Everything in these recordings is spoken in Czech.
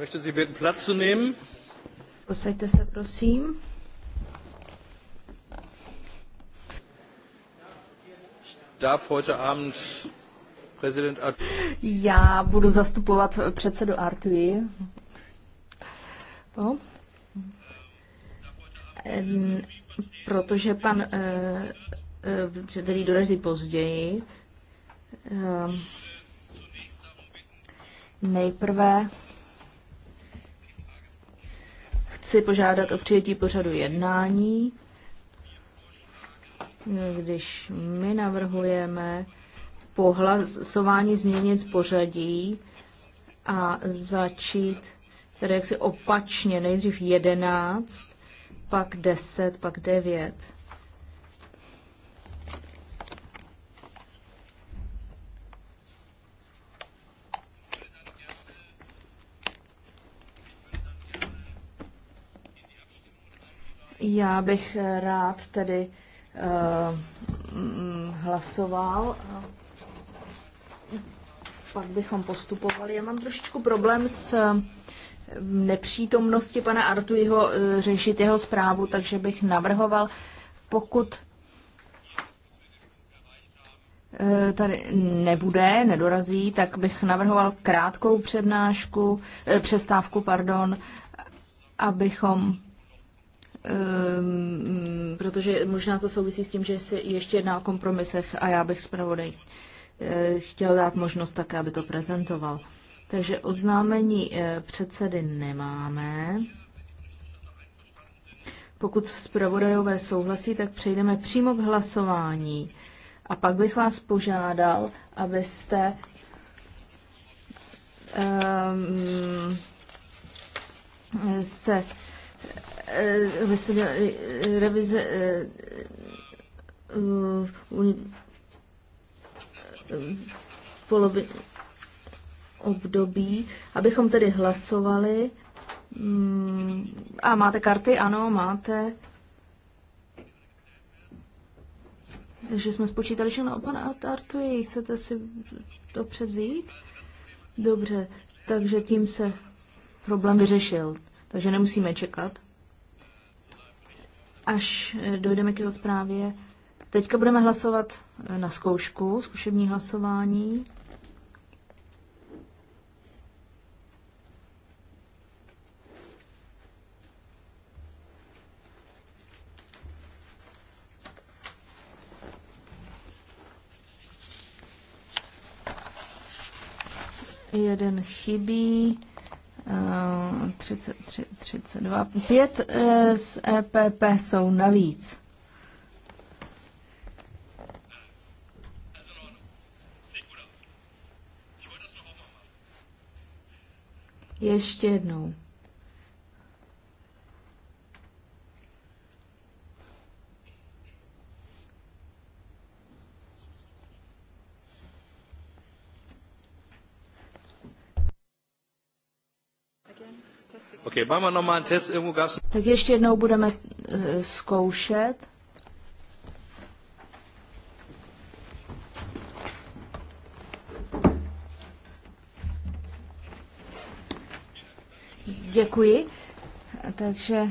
Möchte Sie bitten, Platz zu nehmen. Posaďte se, prosím. Darf heute Abend Präsident Já budu zastupovat předsedu Artui. No. Protože pan který eh, eh, dorazí později. Nejprve chci požádat o přijetí pořadu jednání, když my navrhujeme po hlasování změnit pořadí a začít tedy jaksi opačně, nejdřív 11, pak 10, pak 9. Já bych rád tedy uh, hlasoval pak bychom postupovali. Já mám trošičku problém s eh, nepřítomnosti pana Artu jeho, eh, řešit jeho zprávu, takže bych navrhoval, pokud tady nebude, nedorazí, tak bych navrhoval krátkou přednášku, přestávku, pardon, abychom Um, protože možná to souvisí s tím, že se ještě jedná o kompromisech a já bych zpravodaj eh, chtěl dát možnost také, aby to prezentoval. Takže oznámení eh, předsedy nemáme. Pokud zpravodajové souhlasí, tak přejdeme přímo k hlasování. A pak bych vás požádal, abyste um, se Eh, eh, revize eh, polovi období, abychom tedy hlasovali. Hmm, a máte karty? Ano, máte. Takže jsme spočítali, že no, pane Artuji, chcete si to převzít? Dobře, takže tím se problém vyřešil. Takže nemusíme čekat až dojdeme k jeho zprávě. Teďka budeme hlasovat na zkoušku, zkušební hlasování. Jeden chybí. Eh, z EPP jsou navíc. Ještě jednou. Okay, test, irgendwo gab's... Tak ještě jednou budeme uh, zkoušet. Děkuji. Takže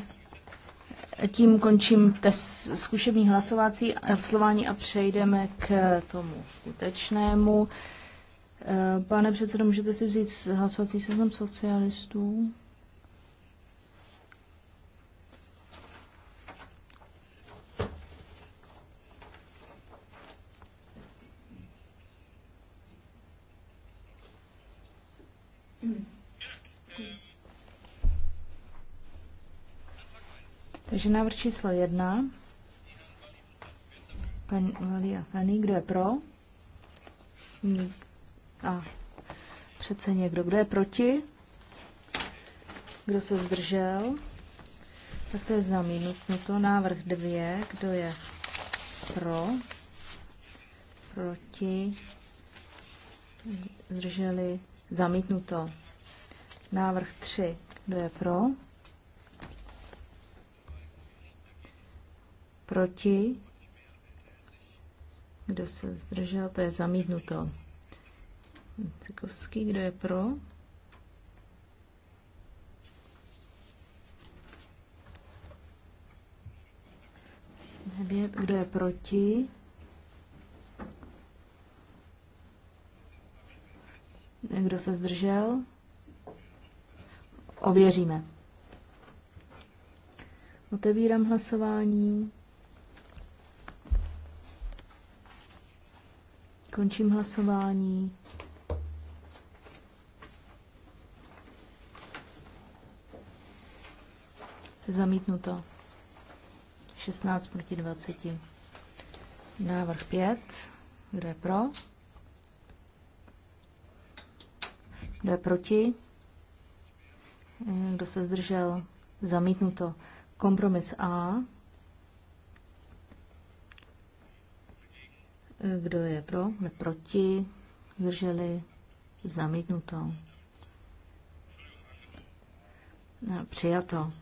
tím končím test zkušební hlasovací slování a přejdeme k tomu skutečnému. Eh, Pane předsedo, můžete si vzít hlasovací seznam socialistů? Takže návrh číslo jedna. Pan Valia Fanny, kdo je pro? A přece někdo. Kdo je proti? Kdo se zdržel? Tak to je zamítnuto. Návrh dvě. Kdo je pro? Proti? Zdrželi? Zamítnuto. Návrh tři. Kdo je pro? proti, kdo se zdržel, to je zamítnuto. Cikovský, kdo je pro? kdo je proti? Kdo se zdržel? Ověříme. Otevírám hlasování. Končím hlasování. Zamítnuto. 16 proti 20. Návrh 5. Kdo je pro? Kdo je proti? Kdo se zdržel? Zamítnuto. Kompromis A. Kdo je pro? ne Proti? Zdrželi? Zamítnuto. No, přijato.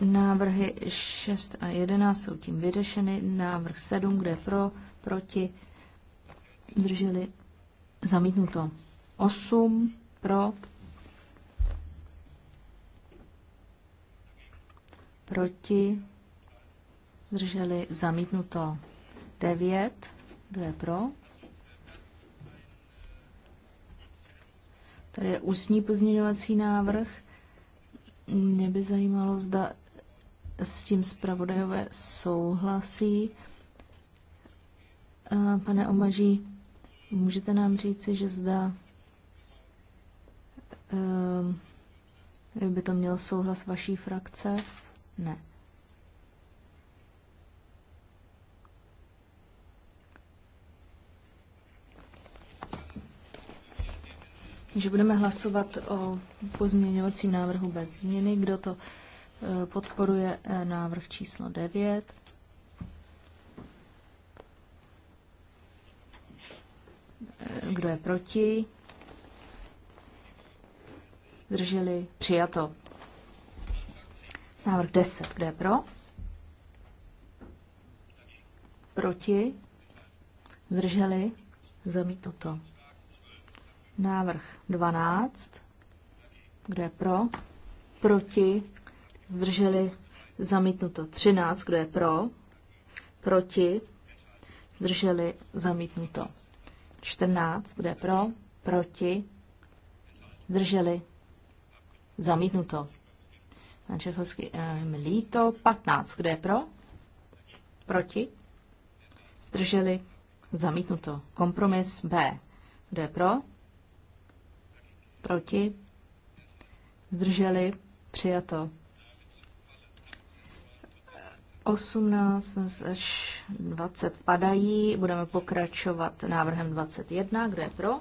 Návrhy 6 a 11 jsou tím vyřešeny. Návrh 7, kde pro, proti, zdrželi, zamítnuto. 8 pro, proti, zdrželi, zamítnuto. 9, 2 pro? Tady je ústní pozměňovací návrh. Mě by zajímalo, zda s tím zpravodajové souhlasí. Eh, pane Omaží, můžete nám říci, že zda eh, by to mělo souhlas vaší frakce? Ne. Takže budeme hlasovat o pozměňovacím návrhu bez změny. Kdo to e, podporuje e, návrh číslo 9? E, kdo je proti? Zdrželi? Přijato. Návrh 10. Kdo je pro? Proti? Zdrželi? Zamítnuto. Návrh 12. Kdo je pro? Proti? Zdrželi? Zamítnuto 13. Kdo je pro? Proti? Zdrželi? Zamítnuto 14. Kdo je pro? Proti? Zdrželi? Zamítnuto. Pan Čechovský, um, líto 15. Kdo je pro? Proti? Zdrželi? Zamítnuto. Kompromis B. Kdo je pro? proti, zdrželi, přijato. 18 až 20 padají, budeme pokračovat návrhem 21, kde je pro,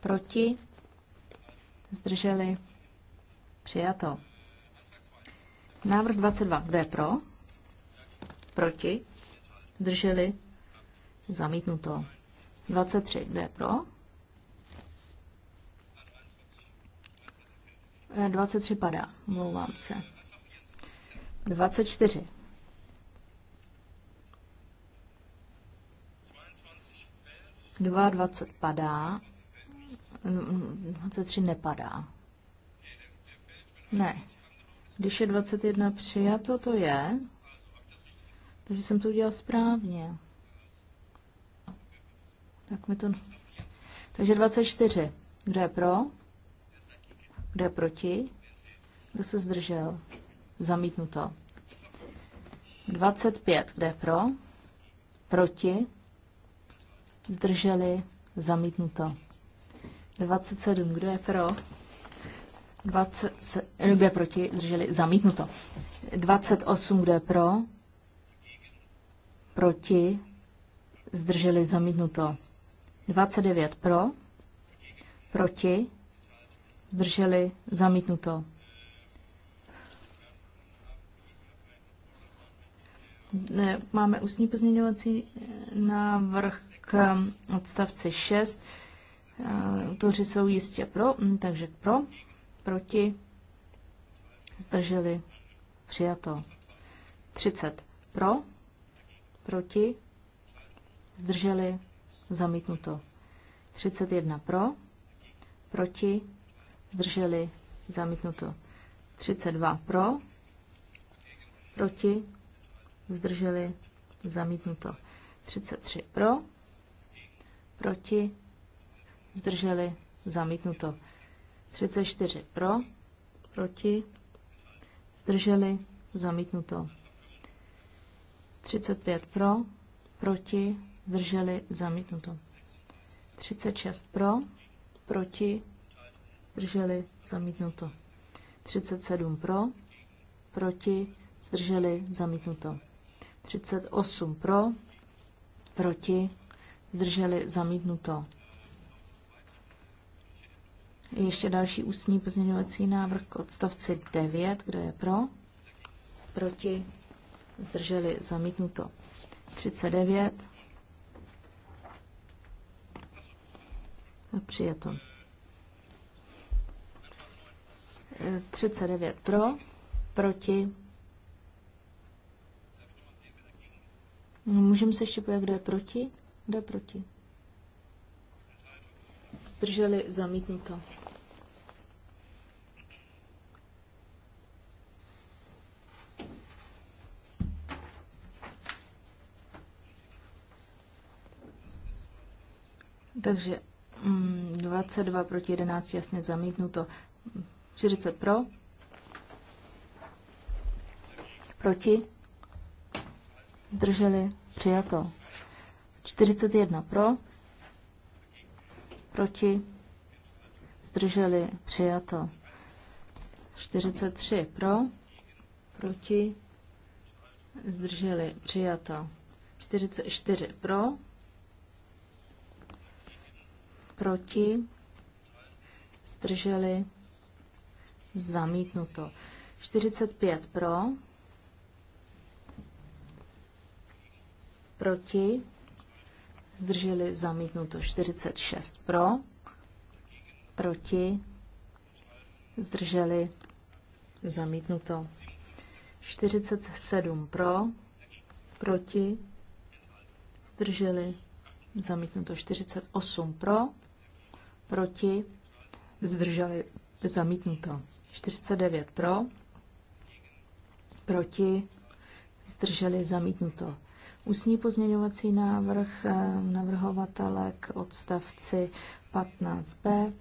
proti, zdrželi, přijato. Návrh 22, kde je pro, proti, zdrželi, zamítnuto. 23, kde je pro, 23 padá, mluvám se. 24. 22 padá, 23 nepadá. Ne. Když je 21 přijato, to je. Takže jsem to udělal správně. Tak mi to... Takže 24. Kdo je pro? Kdo je proti? Kdo se zdržel? Zamítnuto. 25. Kdo je pro? Proti? Zdrželi? Zamítnuto. 27. Kdo je pro? 20, eh, kdo je proti? Zdrželi? Zamítnuto. 28. Kdo je pro? Proti? Zdrželi? Zamítnuto. 29. Pro? Proti? zdrželi, zamítnuto. Máme ústní pozměňovací eh, návrh k eh, odstavci 6. Eh, autoři jsou jistě pro, mm, takže pro, proti, zdrželi, přijato. 30 pro, proti, zdrželi, zamítnuto. 31 pro, proti, zdrželi, zamítnuto. 32 pro, proti, zdrželi, zamítnuto. 33 pro, proti, zdrželi, zamítnuto. 34 pro, proti, zdrželi, zamítnuto. 35 pro, proti, zdrželi, zamítnuto. 36 pro, proti, zdrželi, zamítnuto. 37 pro, proti, zdrželi, zamítnuto. 38 pro, proti, zdrželi, zamítnuto. Ještě další ústní pozměňovací návrh k odstavci 9, kdo je pro, proti, zdrželi, zamítnuto. 39, přijeto. 39 pro, proti. No, Můžeme se ještě podívat, kdo je proti? Kdo je proti? Zdrželi zamítnuto. Takže 22 mm, proti 11 jasně zamítnuto. 40 pro, proti, zdrželi, přijato. 41 pro, proti, zdrželi, přijato. 43 pro, proti, zdrželi, přijato. 44 pro, proti, zdrželi, zamítnuto. 45 pro, proti, zdrželi zamítnuto. 46 pro, proti, zdrželi zamítnuto. 47 pro, proti, zdrželi zamítnuto. 48 pro, proti, zdrželi zamítnuto. 49 pro, proti, zdrželi zamítnuto. Ústní pozměňovací návrh eh, navrhovatele k odstavci 15b.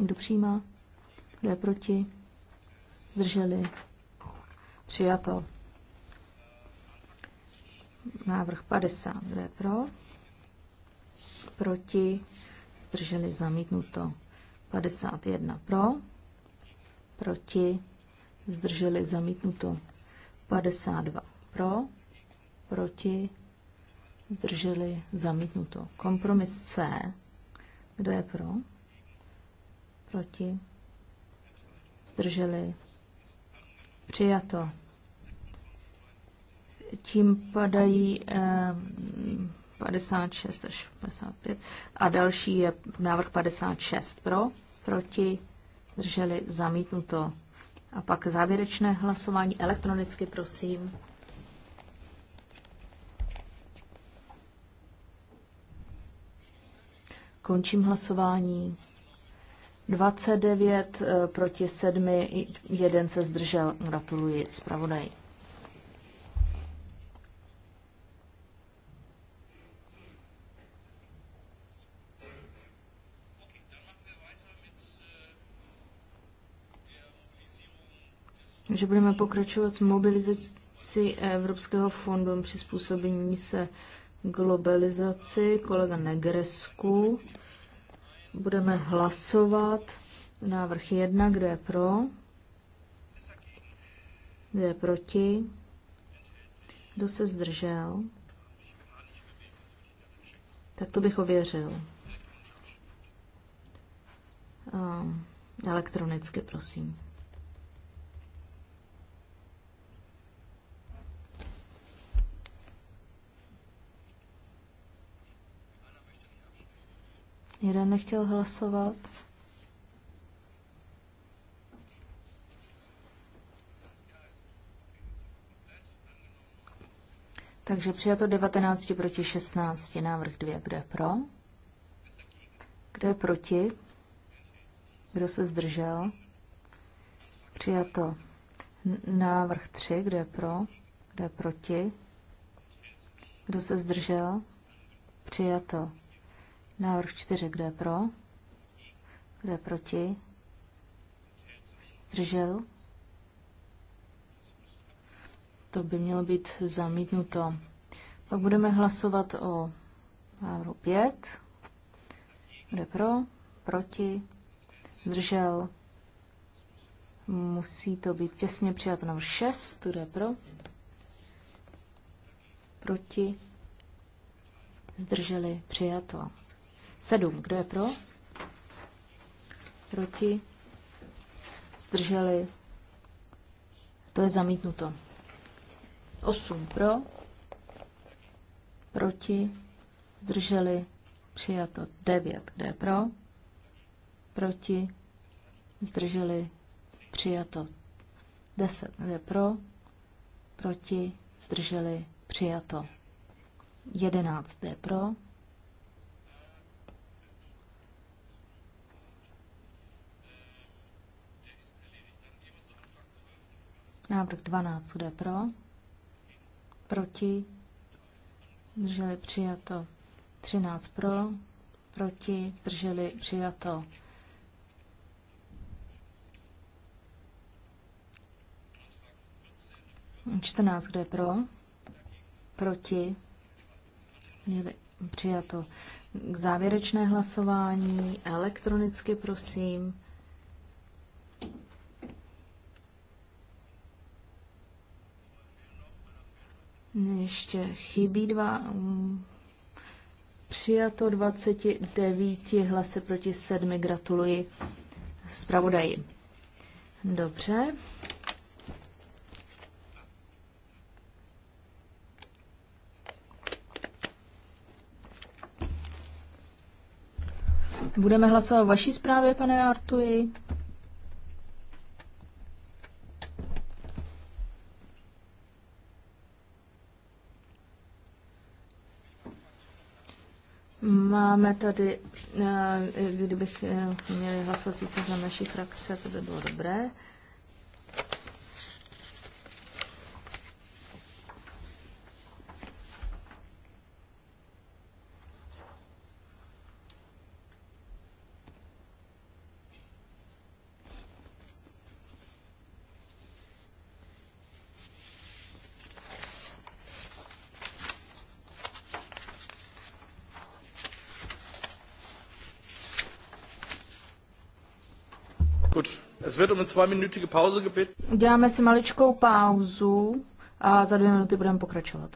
kdo přijímá? Kdo je proti? Zdrželi? Přijato. Návrh 50. Kdo je pro? Proti? Zdrželi zamítnuto. 51 pro proti, zdrželi zamítnuto. 52 pro, proti, zdrželi zamítnuto. Kompromis C, kdo je pro, proti, zdrželi přijato. Tím padají eh, 56 až 55 a další je návrh 56 pro, proti, zdrželi, zamítnuto. A pak závěrečné hlasování elektronicky, prosím. Končím hlasování. 29 eh, proti 7, jeden se zdržel. Gratuluji zpravodaj. že budeme pokračovat s mobilizací Evropského fondu přizpůsobení se globalizaci kolega Negresku. Budeme hlasovat návrh 1, kdo je pro, kdo je proti, kdo se zdržel. Tak to bych ověřil. Um, elektronicky, prosím. Jeden nechtěl hlasovat. Takže přijato 19 proti 16, návrh 2. Kdo je pro? Kdo je proti? Kdo se zdržel? Přijato návrh 3. Kdo je pro? Kdo je proti? Kdo se zdržel? Přijato Návrh 4, kdo je pro? Kdo je proti? Zdržel? To by mělo být zamítnuto. Pak budeme hlasovat o návrhu 5. Kdo je pro? Proti? Zdržel? Musí to být těsně přijato návrh 6. Kdo je pro? Proti? Zdrželi? Přijato. 7. Kdo je pro? Proti? Zdrželi? To je zamítnuto. 8. Pro? Proti? Zdrželi? Přijato. 9. Kdo je pro? Proti? Zdrželi? Přijato. 10. Kdo je pro? Proti? Zdrželi? Přijato. 11. Kdo je pro? Návrh 12, jde pro? Proti? Drželi přijato 13 pro, proti, Drželi přijato 14, kde je pro? Proti? Přijato k závěrečné hlasování. Elektronicky prosím. Ještě chybí dva. Mm, přijato 29 hlasy proti 7. Gratuluji zpravodaji. Dobře. Budeme hlasovat o vaší zprávě, pane Artuji. metody, eh, kdybych eh, měli hlasovací seznam naší frakce, to by bylo dobré. Um Uděláme si maličkou pauzu a za dvě minuty budeme pokračovat.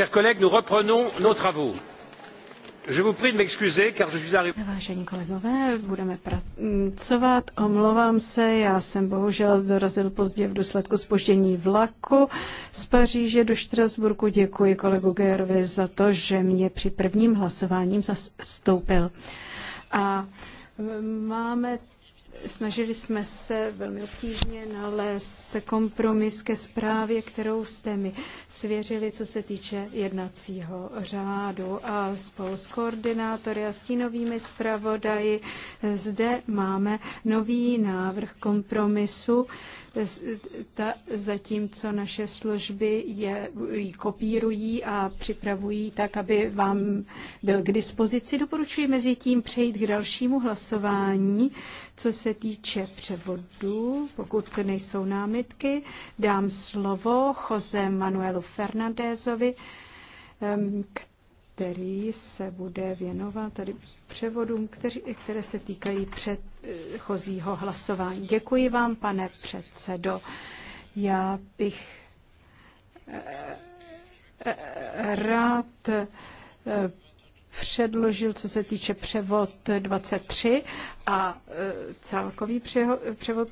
Chers collègues, nous reprenons nos travaux. Je vous prie de m'excuser, car je suis arrivé... Vážení kolegové, budeme pracovat. Omlouvám se, já jsem bohužel dorazil pozdě v důsledku spoždění vlaku z Paříže do Štrasburku. Děkuji kolegu Gerovi za to, že mě při prvním hlasováním zastoupil. A máme Snažili jsme se velmi obtížně nalézt kompromis ke zprávě, kterou jste mi svěřili, co se týče jednacího řádu. A spolu s koordinátory a stínovými zpravodaji zde máme nový návrh kompromisu, ta, zatímco naše služby je kopírují a připravují tak, aby vám byl k dispozici. Doporučuji mezi tím přejít k dalšímu hlasování, co se týče převodu. Pokud nejsou námitky, dám slovo Jose Manuelu Fernandézovi, který se bude věnovat tady převodům, které se týkají před předchozího hlasování. Děkuji vám, pane předsedo. Já bych eh, eh, rád eh, předložil, co se týče převod 23 a celkový převod,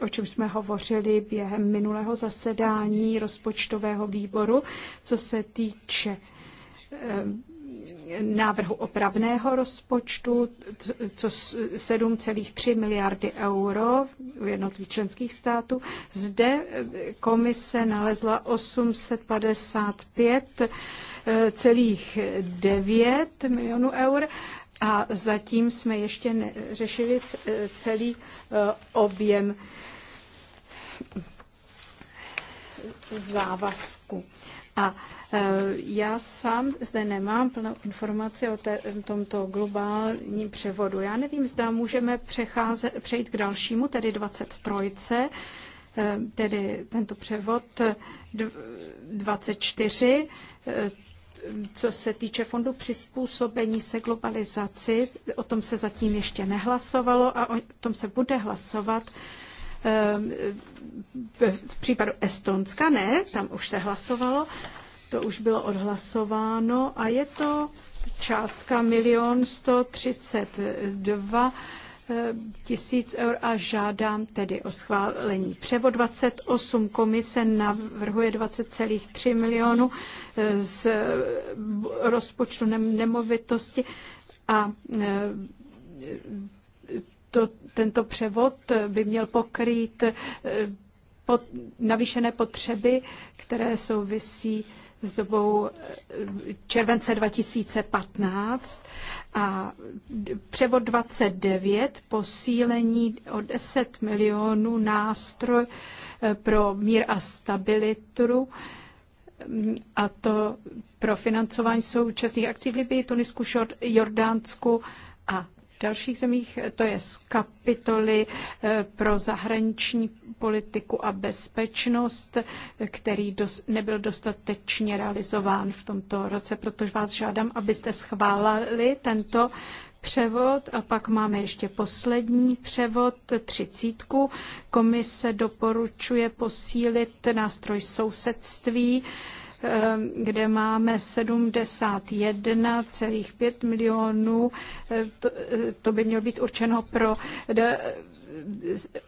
o čem jsme hovořili během minulého zasedání rozpočtového výboru, co se týče návrhu opravného rozpočtu, co 7,3 miliardy euro u jednotlivých členských států. Zde eh, komise nalezla 855,9 eh, celých milionů eur a zatím jsme ještě neřešili eh, celý objem závazku. A Eh, já sám zde nemám plnou informaci o té, tomto globálním převodu. Já nevím, zda můžeme přejít k dalšímu, tedy 23 eh, tedy tento převod 24, eh, co se týče fondu přizpůsobení se globalizaci, o tom se zatím ještě nehlasovalo a o tom se bude hlasovat v případu Estonska, ne, tam už se hlasovalo, to už bylo odhlasováno a je to částka 1 132 eh, tisíc eur a žádám tedy o schválení. Převod 28 komise navrhuje 20,3 milionů eh, z eh, rozpočtu nemovitosti a to, tento převod by měl pokrýt pod, navýšené potřeby, které souvisí s dobou eh, července 2015 a převod 29 posílení o 10 milionů nástroj eh, pro mír a stabilitu mm, a to pro financování současných akcí v Libii, Tunisku, Jordánsku a dalších zemích. To je z kapitoly eh, pro zahraniční politiku a bezpečnost, který dos- nebyl dostatečně realizován v tomto roce. Proto vás žádám, abyste schválili tento převod a pak máme ještě poslední převod třicítku. Komise doporučuje posílit nástroj sousedství ehm, kde máme 71,5 milionů. E, to, e, to by mělo být určeno pro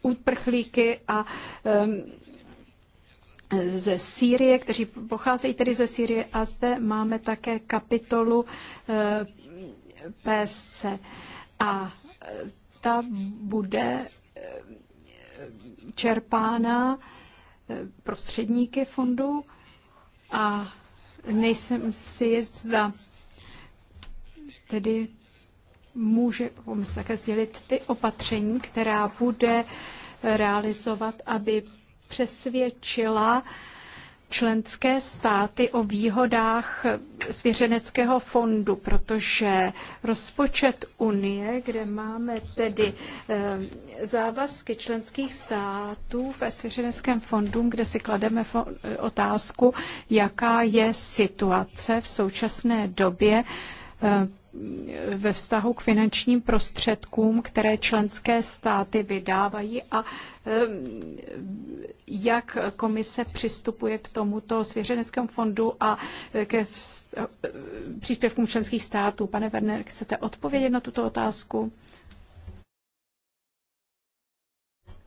uprchlíky a ze Sýrie, kteří pocházejí tedy ze Sýrie a zde máme také kapitolu eh, PSC. A eh, ta bude eh, čerpána prostředníky fondu a nejsem si jistá, tedy může komise také sdělit ty opatření, která bude realizovat, aby přesvědčila členské státy o výhodách svěřeneckého fondu, protože rozpočet Unie, kde máme tedy eh, závazky členských států ve svěřeneckém fondu, kde si klademe otázku, jaká je situace v současné době eh, ve vztahu k finančním prostředkům, které členské státy vydávají a jak komise přistupuje k tomuto svěřeneckému fondu a ke e, příspěvkům členských států. Pane Werner, chcete odpovědět na tuto otázku?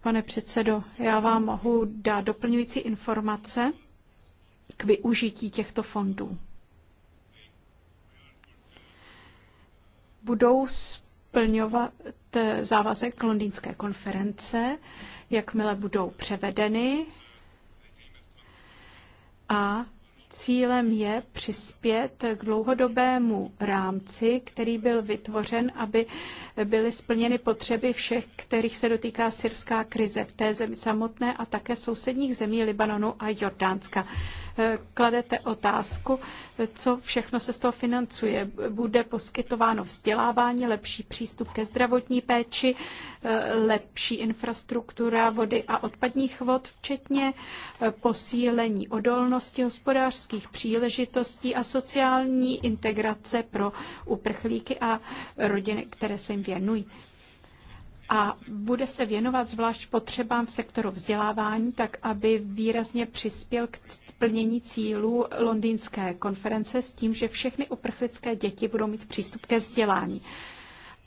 Pane předsedo, já vám mohu dát doplňující informace k využití těchto fondů. budou splňovat eh, závazek londýnské konference, jakmile budou převedeny. A cílem je přispět k dlouhodobému rámci, který byl vytvořen, aby byly splněny potřeby všech, kterých se dotýká syrská krize v té zemi samotné a také sousedních zemí Libanonu a Jordánska. Eh, kladete otázku, co všechno se z toho financuje. Bude poskytováno vzdělávání, lepší přístup ke zdravotní péči, eh, lepší infrastruktura vody a odpadních vod, včetně eh, posílení odolnosti hospodářských příležitostí a sociální integrace pro uprchlíky a rodiny, které se jim věnují a bude se věnovat zvlášť potřebám v sektoru vzdělávání, tak aby výrazně přispěl k plnění cílů londýnské konference s tím, že všechny uprchlické děti budou mít přístup ke vzdělání.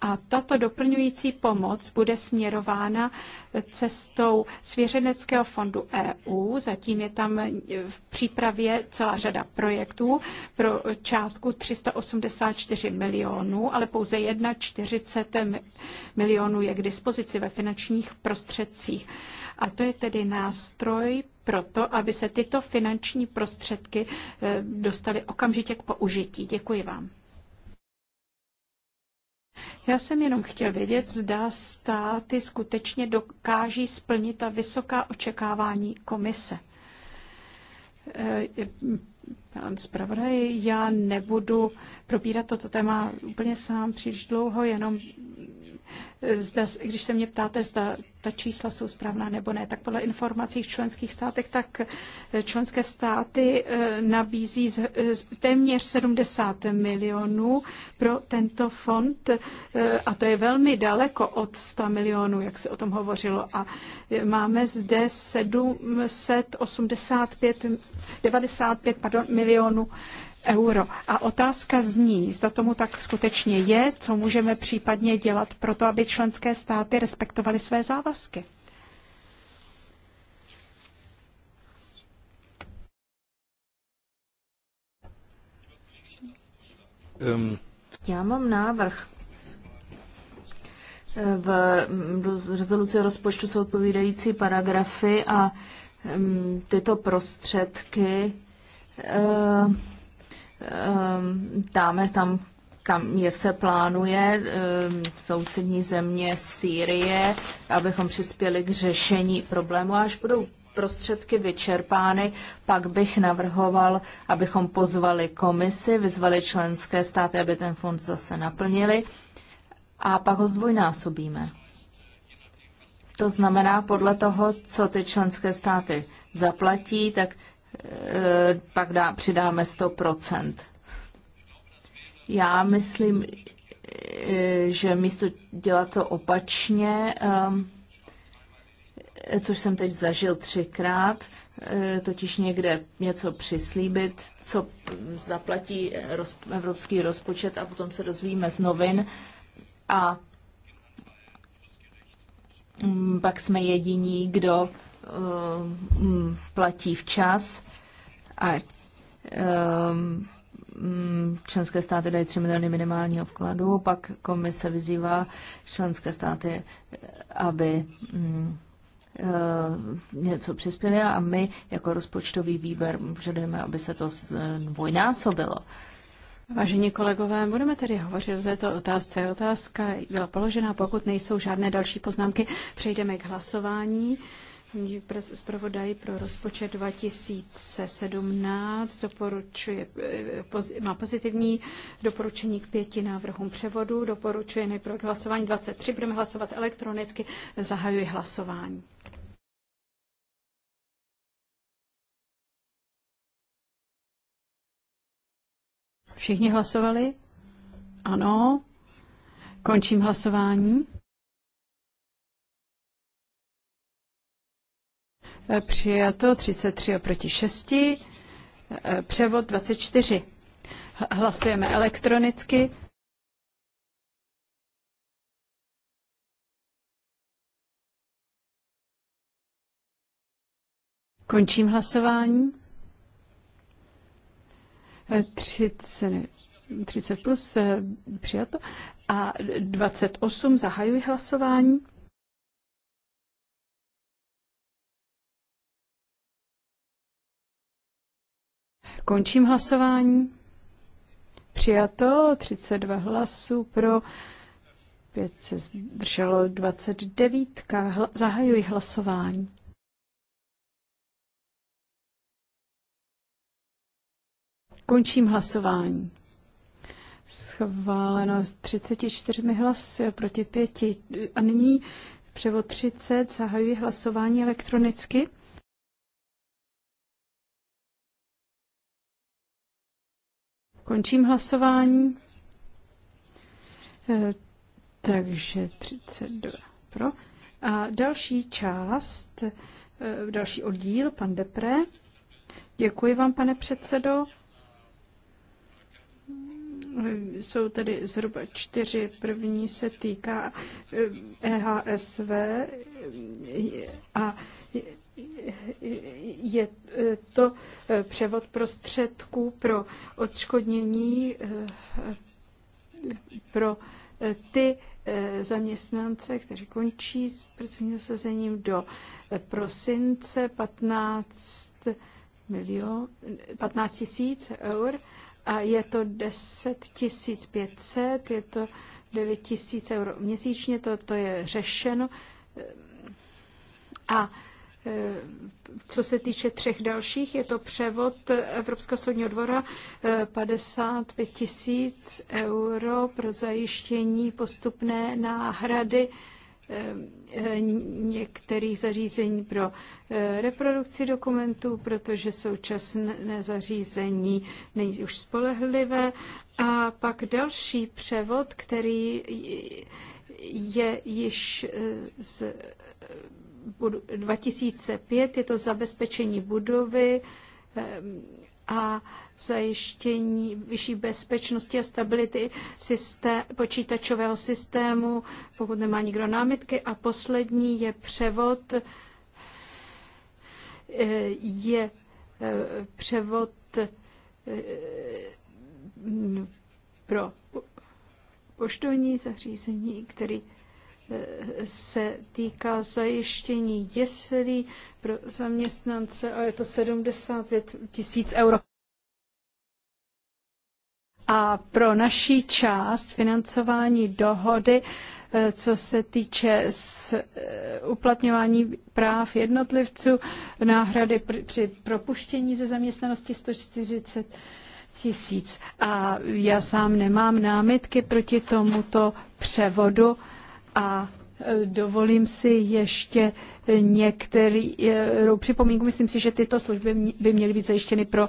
A tato doplňující pomoc bude směrována cestou svěřeneckého fondu EU. Zatím je tam v přípravě celá řada projektů pro částku 384 milionů, ale pouze 1,40 milionů je k dispozici ve finančních prostředcích. A to je tedy nástroj pro to, aby se tyto finanční prostředky eh, dostaly okamžitě k použití. Děkuji vám. Já jsem jenom chtěl vědět, zda státy skutečně dokáží splnit ta vysoká očekávání komise. Eh, Pán zpravodaj, já nebudu probírat toto téma úplně sám příliš dlouho, jenom zda, když se mě ptáte, zda ta čísla jsou správná nebo ne, tak podle informací v členských státech, tak eh, členské státy eh, nabízí eh, téměř 70 milionů pro tento fond a to je velmi daleko od 100 milionů, jak se o tom hovořilo. A máme zde 785, 95 pardon, milionů euro. A otázka zní, zda tomu tak skutečně je, co můžeme případně dělat pro to, aby členské státy respektovaly své závazky. Um. Já mám návrh. V rezoluci o rozpočtu jsou odpovídající paragrafy a um, tyto prostředky uh, Ehm, dáme tam, kam je se plánuje, v ehm, sousední země Sýrie, abychom přispěli k řešení problému. Až budou prostředky vyčerpány, pak bych navrhoval, abychom pozvali komisi, vyzvali členské státy, aby ten fond zase naplnili a pak ho zdvojnásobíme. To znamená, podle toho, co ty členské státy zaplatí, tak Eh, pak dá, přidáme 100%. Já myslím, eh, že místo dělat to opačně, eh, což jsem teď zažil třikrát, totiž někde něco přislíbit, co zaplatí evropský rozpočet a potom se dozvíme z novin a mm, pak jsme jediní, kdo mm, platí včas a um, členské státy dají 3 miliony minimálního vkladu, pak komise vyzývá členské státy, eh, aby um, něco přispěli a my jako rozpočtový výběr požadujeme, aby se to dvojnásobilo. Vážení kolegové, budeme tedy hovořit o této otázce. Otázka byla položena, pokud nejsou žádné další poznámky, přejdeme k hlasování. Zpravodaj pro rozpočet 2017 doporučuje, eh, má pozitivní doporučení k pěti návrhům převodu. Doporučuje nejprve k hlasování 23. Budeme hlasovat elektronicky. Zahajuji hlasování. Všichni hlasovali? Ano. Končím hlasování. přijato 33 oproti 6, převod 24. Hlasujeme elektronicky. Končím hlasování. 30, 30 plus eh, přijato a 28 zahajuji hlasování. Končím hlasování. Přijato 32 hlasů pro, 5 se zdrželo 29. Hla, zahajuji hlasování. Končím hlasování. Schváleno s 34 hlasy proti 5. A nyní převod 30. Zahajuji hlasování elektronicky. Končím hlasování. Eh, takže 32 pro. A další část, eh, další oddíl, pan Depre. Děkuji vám, pane předsedo. Jsou tady zhruba čtyři. První se týká EHSV e eh, a je eh, to eh, převod prostředků pro odškodnění eh, pro ty zaměstnance, kteří končí s pracovním zasazením do prosince 15 milion, 15 tisíc eur a je to 10 500, je to 9 tisíc eur měsíčně, to, to je řešeno. A Eh, co se týče třech dalších, je to převod Evropského soudního dvora 55 eh, tisíc euro pro zajištění postupné náhrady eh, některých zařízení pro reprodukci dokumentů, protože současné zařízení není už spolehlivé. A pak další převod, který je již z 2005, je to zabezpečení budovy eh, a zajištění vyšší bezpečnosti a stability systém, počítačového systému, pokud nemá nikdo námitky. A poslední je převod, eh, je eh, převod pro poštovní zařízení, který se týká zajištění jeslí pro zaměstnance a je to 75 tisíc euro. A pro naší část financování dohody, eh, co se týče s eh, uplatňování práv jednotlivců, náhrady při propuštění ze zaměstnanosti 140 tisíc. A já sám nemám námitky proti tomuto převodu a e, dovolím si ještě e, některou e, připomínku. Myslím si, že tyto služby by měly být zajištěny pro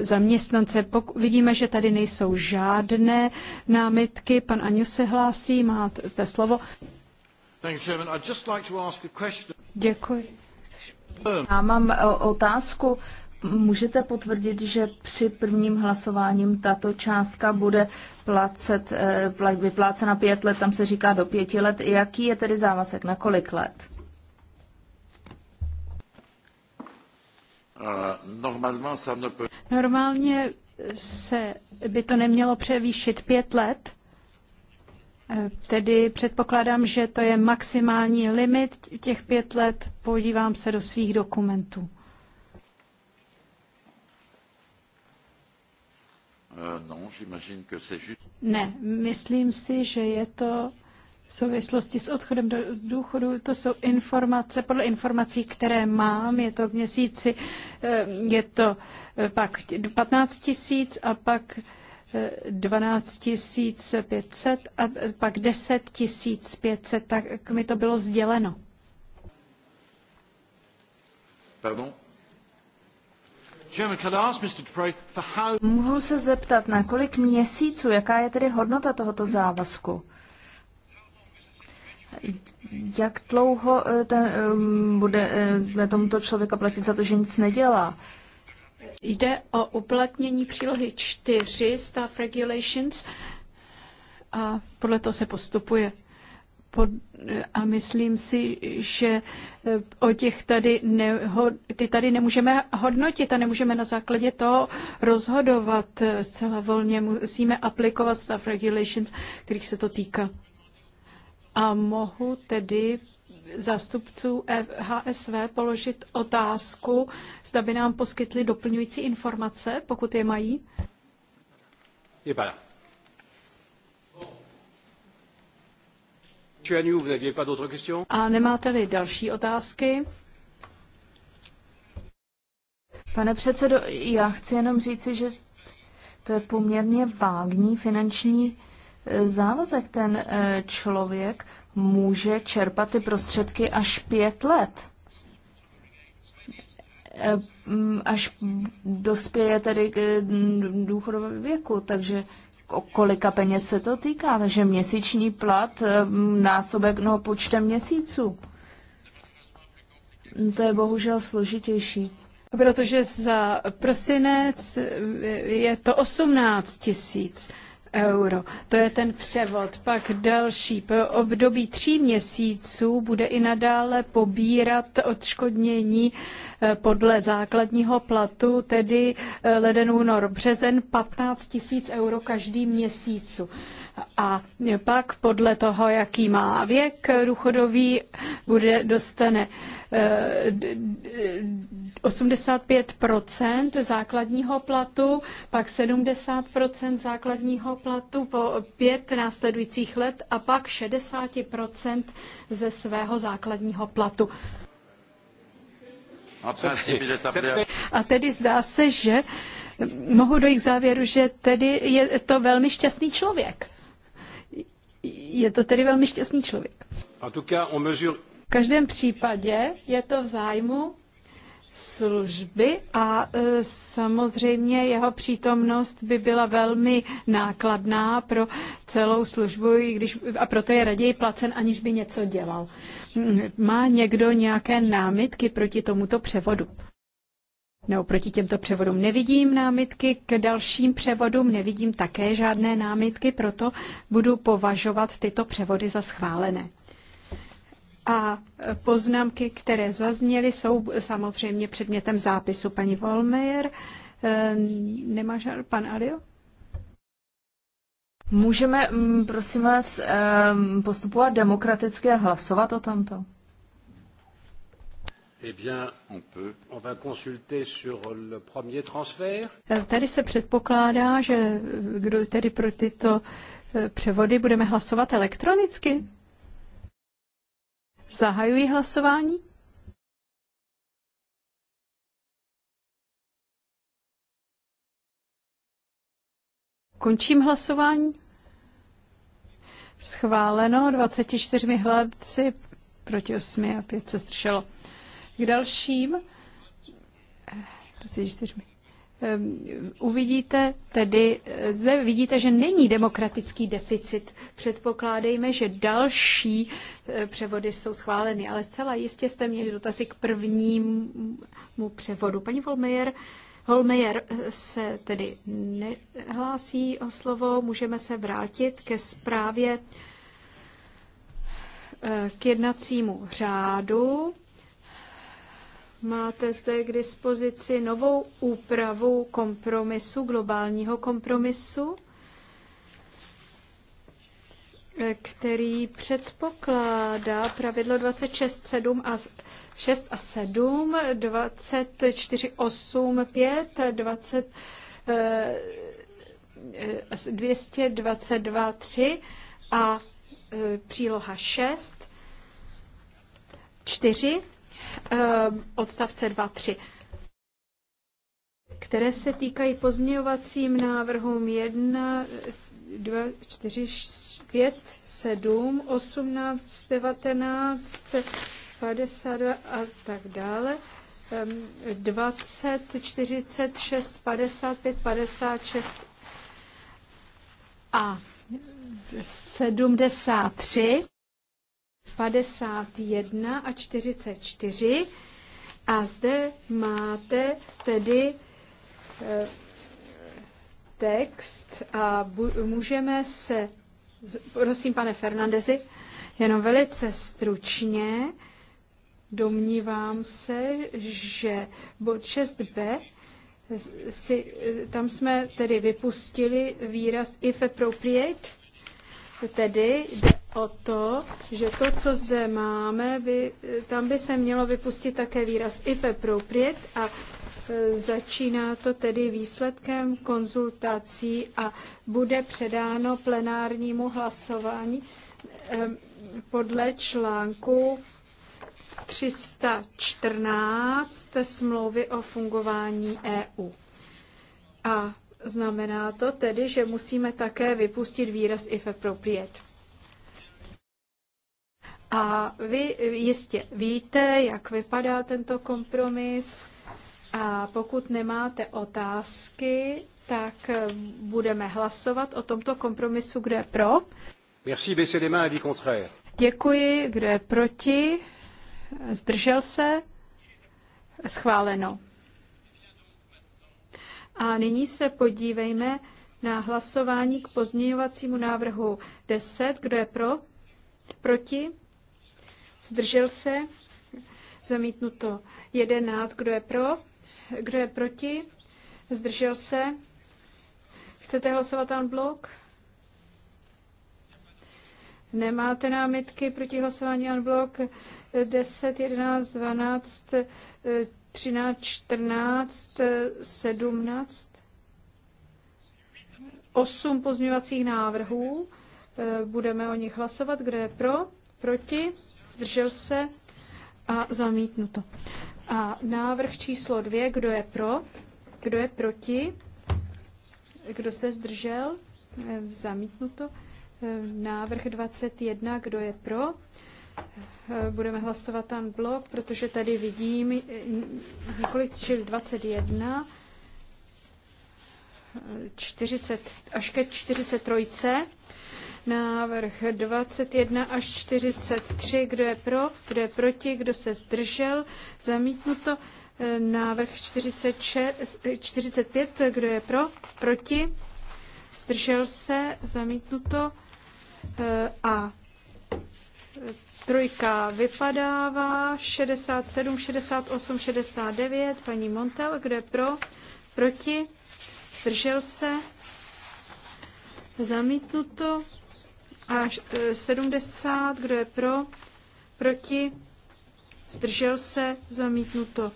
zaměstnance. Pok- vidíme, že tady nejsou žádné námitky. Pan Aňu se hlásí, máte slovo. Děkuji. Já mám otázku Můžete potvrdit, že při prvním hlasováním tato částka bude placet, eh, vyplácena pět let, tam se říká do pěti let. Jaký je tedy závazek, na kolik let? Eh, Normálně se by to nemělo převýšit pět let, eh, tedy předpokládám, že to je maximální limit těch pět let. Podívám se do svých dokumentů. Eh, ne, myslím si, že je to v souvislosti s odchodem do důchodu, to jsou informace, podle informací, které mám, je to v měsíci, eh, je to eh, pak 15 tisíc a pak 12 500 a pak 10 500, tak mi to bylo sděleno. Pardon? Mohu se zeptat, na kolik měsíců, jaká je tedy hodnota tohoto závazku? Jak dlouho eh, ten, eh, bude eh, tomuto člověka platit za to, že nic nedělá? Jde o uplatnění přílohy 4 Staff Regulations a podle toho se postupuje a myslím si, že eh, o těch tady, neho, ty tady nemůžeme hodnotit a nemůžeme na základě toho rozhodovat zcela volně. Musíme aplikovat staff regulations, kterých se to týká. A mohu tedy zástupců HSV položit otázku, zda by nám poskytli doplňující informace, pokud je mají? Vypadá. A nemáte-li další otázky? Pane předsedo, já chci jenom říci, že to je poměrně vágní finanční e, závazek. Ten e, člověk může čerpat ty prostředky až pět let. E, až dospěje tedy k důchodovému věku, takže o kolika peněz se to týká, že měsíční plat eh, násobek no, počtem měsíců. To je bohužel složitější. Protože za prosinec je to 18 tisíc euro. To je ten převod. Pak další po období tří měsíců bude i nadále pobírat odškodnění eh, podle základního platu, tedy eh, leden, únor, březen 15 000 euro každý měsíc a pak podle toho, jaký má věk důchodový, bude, dostane 85 eh, základního platu, pak 70 základního platu po pět následujících let a pak 60 ze svého základního platu. A tedy zdá se, že mohu dojít k závěru, že tedy je to velmi šťastný člověk je to tedy velmi šťastný člověk. V každém případě je to v zájmu služby a e, samozřejmě jeho přítomnost by byla velmi nákladná pro celou službu i když, a proto je raději placen, aniž by něco dělal. Má někdo nějaké námitky proti tomuto převodu? No, proti těmto převodům nevidím námitky, k dalším převodům nevidím také žádné námitky, proto budu považovat tyto převody za schválené. A poznámky, které zazněly, jsou samozřejmě předmětem zápisu. Paní Volmeier, eh, nemá žádný pan Alio? Můžeme, mm, prosím vás, eh, postupovat demokraticky a hlasovat o tomto? Eh bien, on peut. On va consulter sur le premier transfert. Eh, tady se předpokládá, že eh, kdo tedy pro tyto eh, převody budeme hlasovat elektronicky. Zahajuji hlasování. Končím hlasování. Schváleno 24 hlasy proti 8 a 5 se zdrželo. K dalším ehm, uvidíte tedy, zde vidíte, že není demokratický deficit. Předpokládejme, že další e, převody jsou schváleny, ale zcela jistě jste měli dotazy k prvnímu převodu. Paní Volmejer, Holmejer se tedy nehlásí o slovo, můžeme se vrátit ke zprávě e, k jednacímu řádu Máte zde k dispozici novou úpravu kompromisu, globálního kompromisu, který předpokládá pravidlo 26, 7 a 6 a 7, 24, 8, 5, 20, 222, 3 a eh, příloha 6, 4 Ehm, odstavce 2.3 které se týkají pozměňovacím návrhům 1, 2, 4, 5, 7, 18, 19, 52 a tak dále. 20, 46, 55, 56 a 73. 51 a 44. A zde máte tedy eh, text a můžeme se, prosím pane Fernandezi, jenom velice stručně, domnívám se, že bod 6b si, eh, tam jsme tedy vypustili výraz if appropriate Tedy jde o to, že to, co zde máme, tam by se mělo vypustit také výraz if appropriate a e, Začíná to tedy výsledkem konzultací a bude předáno plenárnímu hlasování e, podle článku 314 smlouvy o fungování EU. A Znamená to tedy, že musíme také vypustit výraz if appropriate. A vy jistě víte, jak vypadá tento kompromis. A pokud nemáte otázky, tak budeme hlasovat o tomto kompromisu, kdo je pro. Merci, baissez les mains, avis contraire. Děkuji, kdo je proti. Zdržel se. Schváleno. A nyní se podívejme na hlasování k pozměňovacímu návrhu 10. Kdo je pro? Proti? Zdržel se? Zamítnuto 11. Kdo je pro? Kdo je proti? Zdržel se? Chcete hlasovat en blok? Nemáte námitky proti hlasování en blok 10, 11, 12, 13, 14, 17, 8 pozměňovacích návrhů. Eh, budeme o nich hlasovat. Kdo je pro? Proti? Zdržel se? A zamítnuto. A návrh číslo 2. Kdo je pro? Kdo je proti? Kdo se zdržel? Eh, zamítnuto. Eh, návrh 21. Kdo je pro? Eh, budeme hlasovat tam blok, protože tady vidím eh, několik, čili 21, 40, eh, až ke 43, návrh 21 až 43, kdo je pro, kdo je proti, kdo se zdržel, zamítnuto, návrh 46, 45, kdo je pro, proti, zdržel se, zamítnuto a Trojka vypadává 67, 68, 69. Paní Montel, kdo je pro? Proti? Zdržel se? Zamítnuto. A 70, e, kdo je pro? Proti? Zdržel se? Zamítnuto.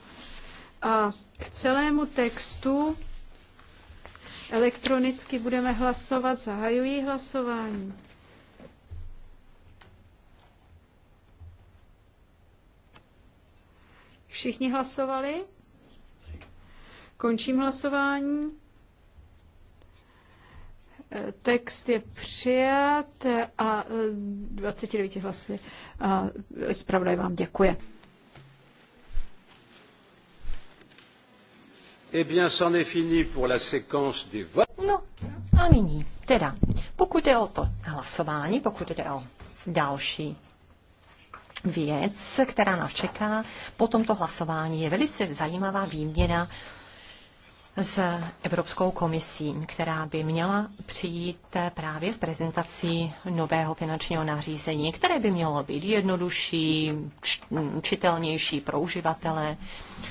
A k celému textu elektronicky budeme hlasovat. Zahajuji hlasování. Všichni hlasovali? Končím hlasování. E, text je přijat a 29 e, hlasy. A e, zpravodaj vám děkuje. Eh bien, c'en est fini pour la séquence des No, a nyní, teda, pokud jde o to hlasování, pokud jde o další věc, která nás čeká po tomto hlasování. Je velice zajímavá výměna s Evropskou komisí, která by měla přijít právě s prezentací nového finančního nařízení, které by mělo být jednodušší, čitelnější pro uživatele.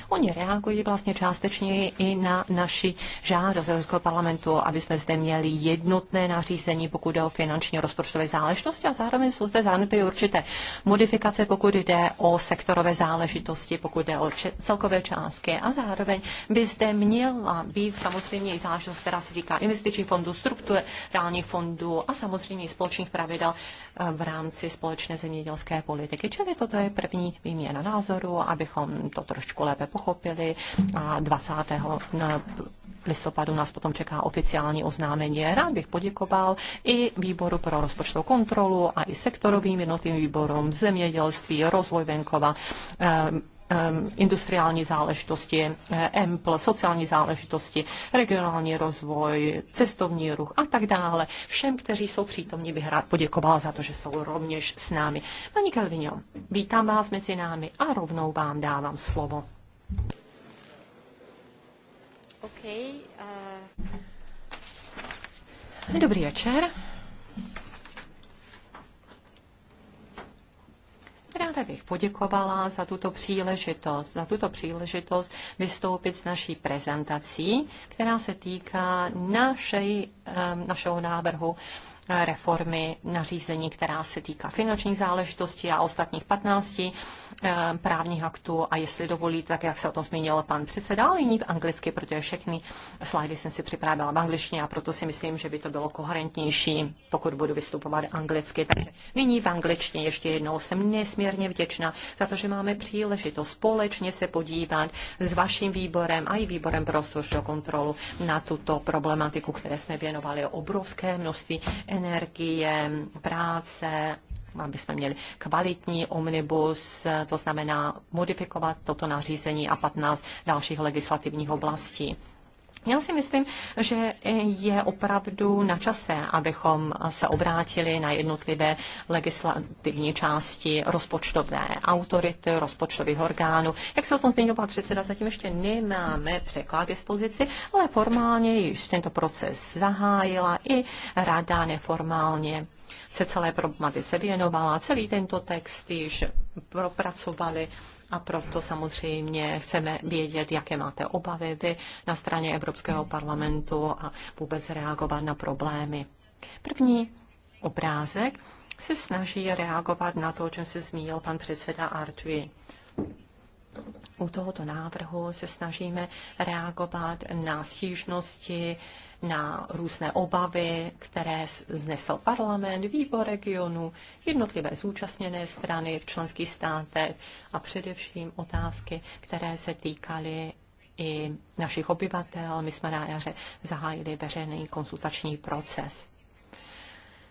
Oni reagují vlastně částečně i na naši žádost Evropského parlamentu, aby jsme zde měli jednotné nařízení, pokud jde o finanční rozpočtové záležitosti a zároveň jsou zde zahrnuty určité modifikace, pokud jde o sektorové záležitosti, pokud jde o celkové částky a zároveň by zde měla být samozřejmě i záležitost, která se týká investičních fondů, struktur reálních fondů a samozřejmě i společných pravidel eh, v rámci společné zemědělské politiky. Čili toto je první výměna názoru, abychom to trošku lépe pochopili. A 20. listopadu nás potom čeká oficiální oznámení. Rád bych poděkoval i výboru pro rozpočtovou kontrolu a i sektorovým jednotlivým výborům zemědělství, rozvoj venkova, eh, Um, industriální záležitosti, eh, EMPL, sociální záležitosti, regionální rozvoj, cestovní ruch a tak dále. Všem, kteří jsou přítomní, bych rád poděkoval za to, že jsou rovněž s námi. Paní Kelvinio, vítám vás mezi námi a rovnou vám dávám slovo. Okay, uh... Dobrý večer. Ráda bych poděkovala za tuto příležitost, za tuto příležitost vystoupit s naší prezentací, která se týká našej, eh, našeho návrhu eh, reformy nařízení, která se týká finanční záležitosti a ostatních 15 Eh, právních aktů a jestli dovolíte, tak jak se o tom zmínil pan předseda, ale jiný anglicky, protože všechny slajdy jsem si připravila v angličtině a proto si myslím, že by to bylo koherentnější, pokud budu vystupovat anglicky. Takže nyní v angličtině ještě jednou jsem nesmírně vděčná za to, že máme příležitost společně se podívat s vaším výborem a i výborem pro slušnou kontrolu na tuto problematiku, které jsme věnovali obrovské množství energie, práce, aby jsme měli kvalitní omnibus, to znamená modifikovat toto nařízení a 15 dalších legislativních oblastí. Já si myslím, že je opravdu na čase, abychom se obrátili na jednotlivé legislativní části rozpočtové autority, rozpočtových orgánů. Jak se o tom zmiňoval předseda, zatím ještě nemáme překlad k dispozici, ale formálně již tento proces zahájila i rada neformálně se celé problematice věnovala. Celý tento text již propracovali a proto samozřejmě chceme vědět, jaké máte obavy vy na straně Evropského parlamentu a vůbec reagovat na problémy. První obrázek se snaží reagovat na to, o čem se zmínil pan předseda Artui. U tohoto návrhu se snažíme reagovat na stížnosti na různé obavy, které znesl parlament, výbor regionu, jednotlivé zúčastněné strany v členských státech a především otázky, které se týkaly i našich obyvatel. My jsme na jaře zahájili veřejný konsultační proces.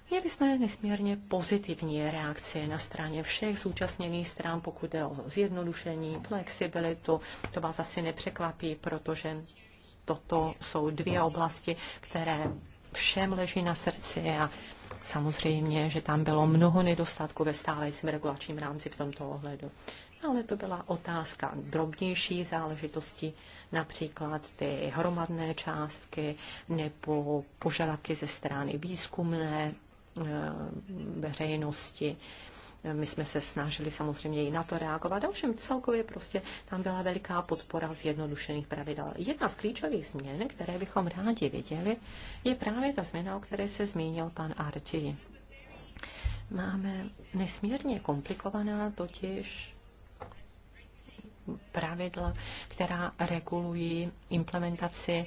Měli jsme nesmírně pozitivní reakci na straně všech zúčastněných stran, pokud jde o zjednodušení, flexibilitu. To vás asi nepřekvapí, protože toto jsou dvě oblasti, které všem leží na srdci a samozřejmě, že tam bylo mnoho nedostatků ve stávajícím regulačním rámci v tomto ohledu. Ale to byla otázka drobnější záležitosti, například ty hromadné částky nebo požadavky ze strany výzkumné eh, veřejnosti. E, my jsme se snažili samozřejmě i na to reagovat, ovšem celkově prostě tam byla veliká podpora zjednodušených pravidel. Jedna z klíčových změn, které bychom rádi viděli, je právě ta změna, o které se zmínil pan Arti. Máme nesmírně komplikovaná totiž pravidla, která regulují implementaci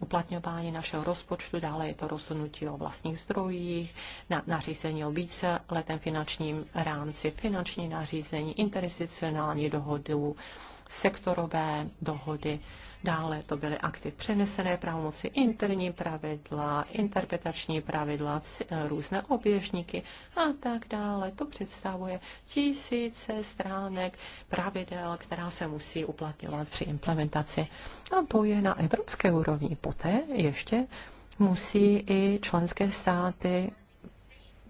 uplatňování našeho rozpočtu, dále je to rozhodnutí o vlastních zdrojích, na, nařízení o více letem finančním rámci, finanční nařízení, interinstitucionální dohodu, sektorové dohody Dále to byly akty přenesené pravomoci, interní pravidla, interpretační pravidla, e, různé oběžníky a tak dále. To představuje tisíce stránek pravidel, která se musí uplatňovat při implementaci. A to je na evropské úrovni. Poté ještě musí i členské státy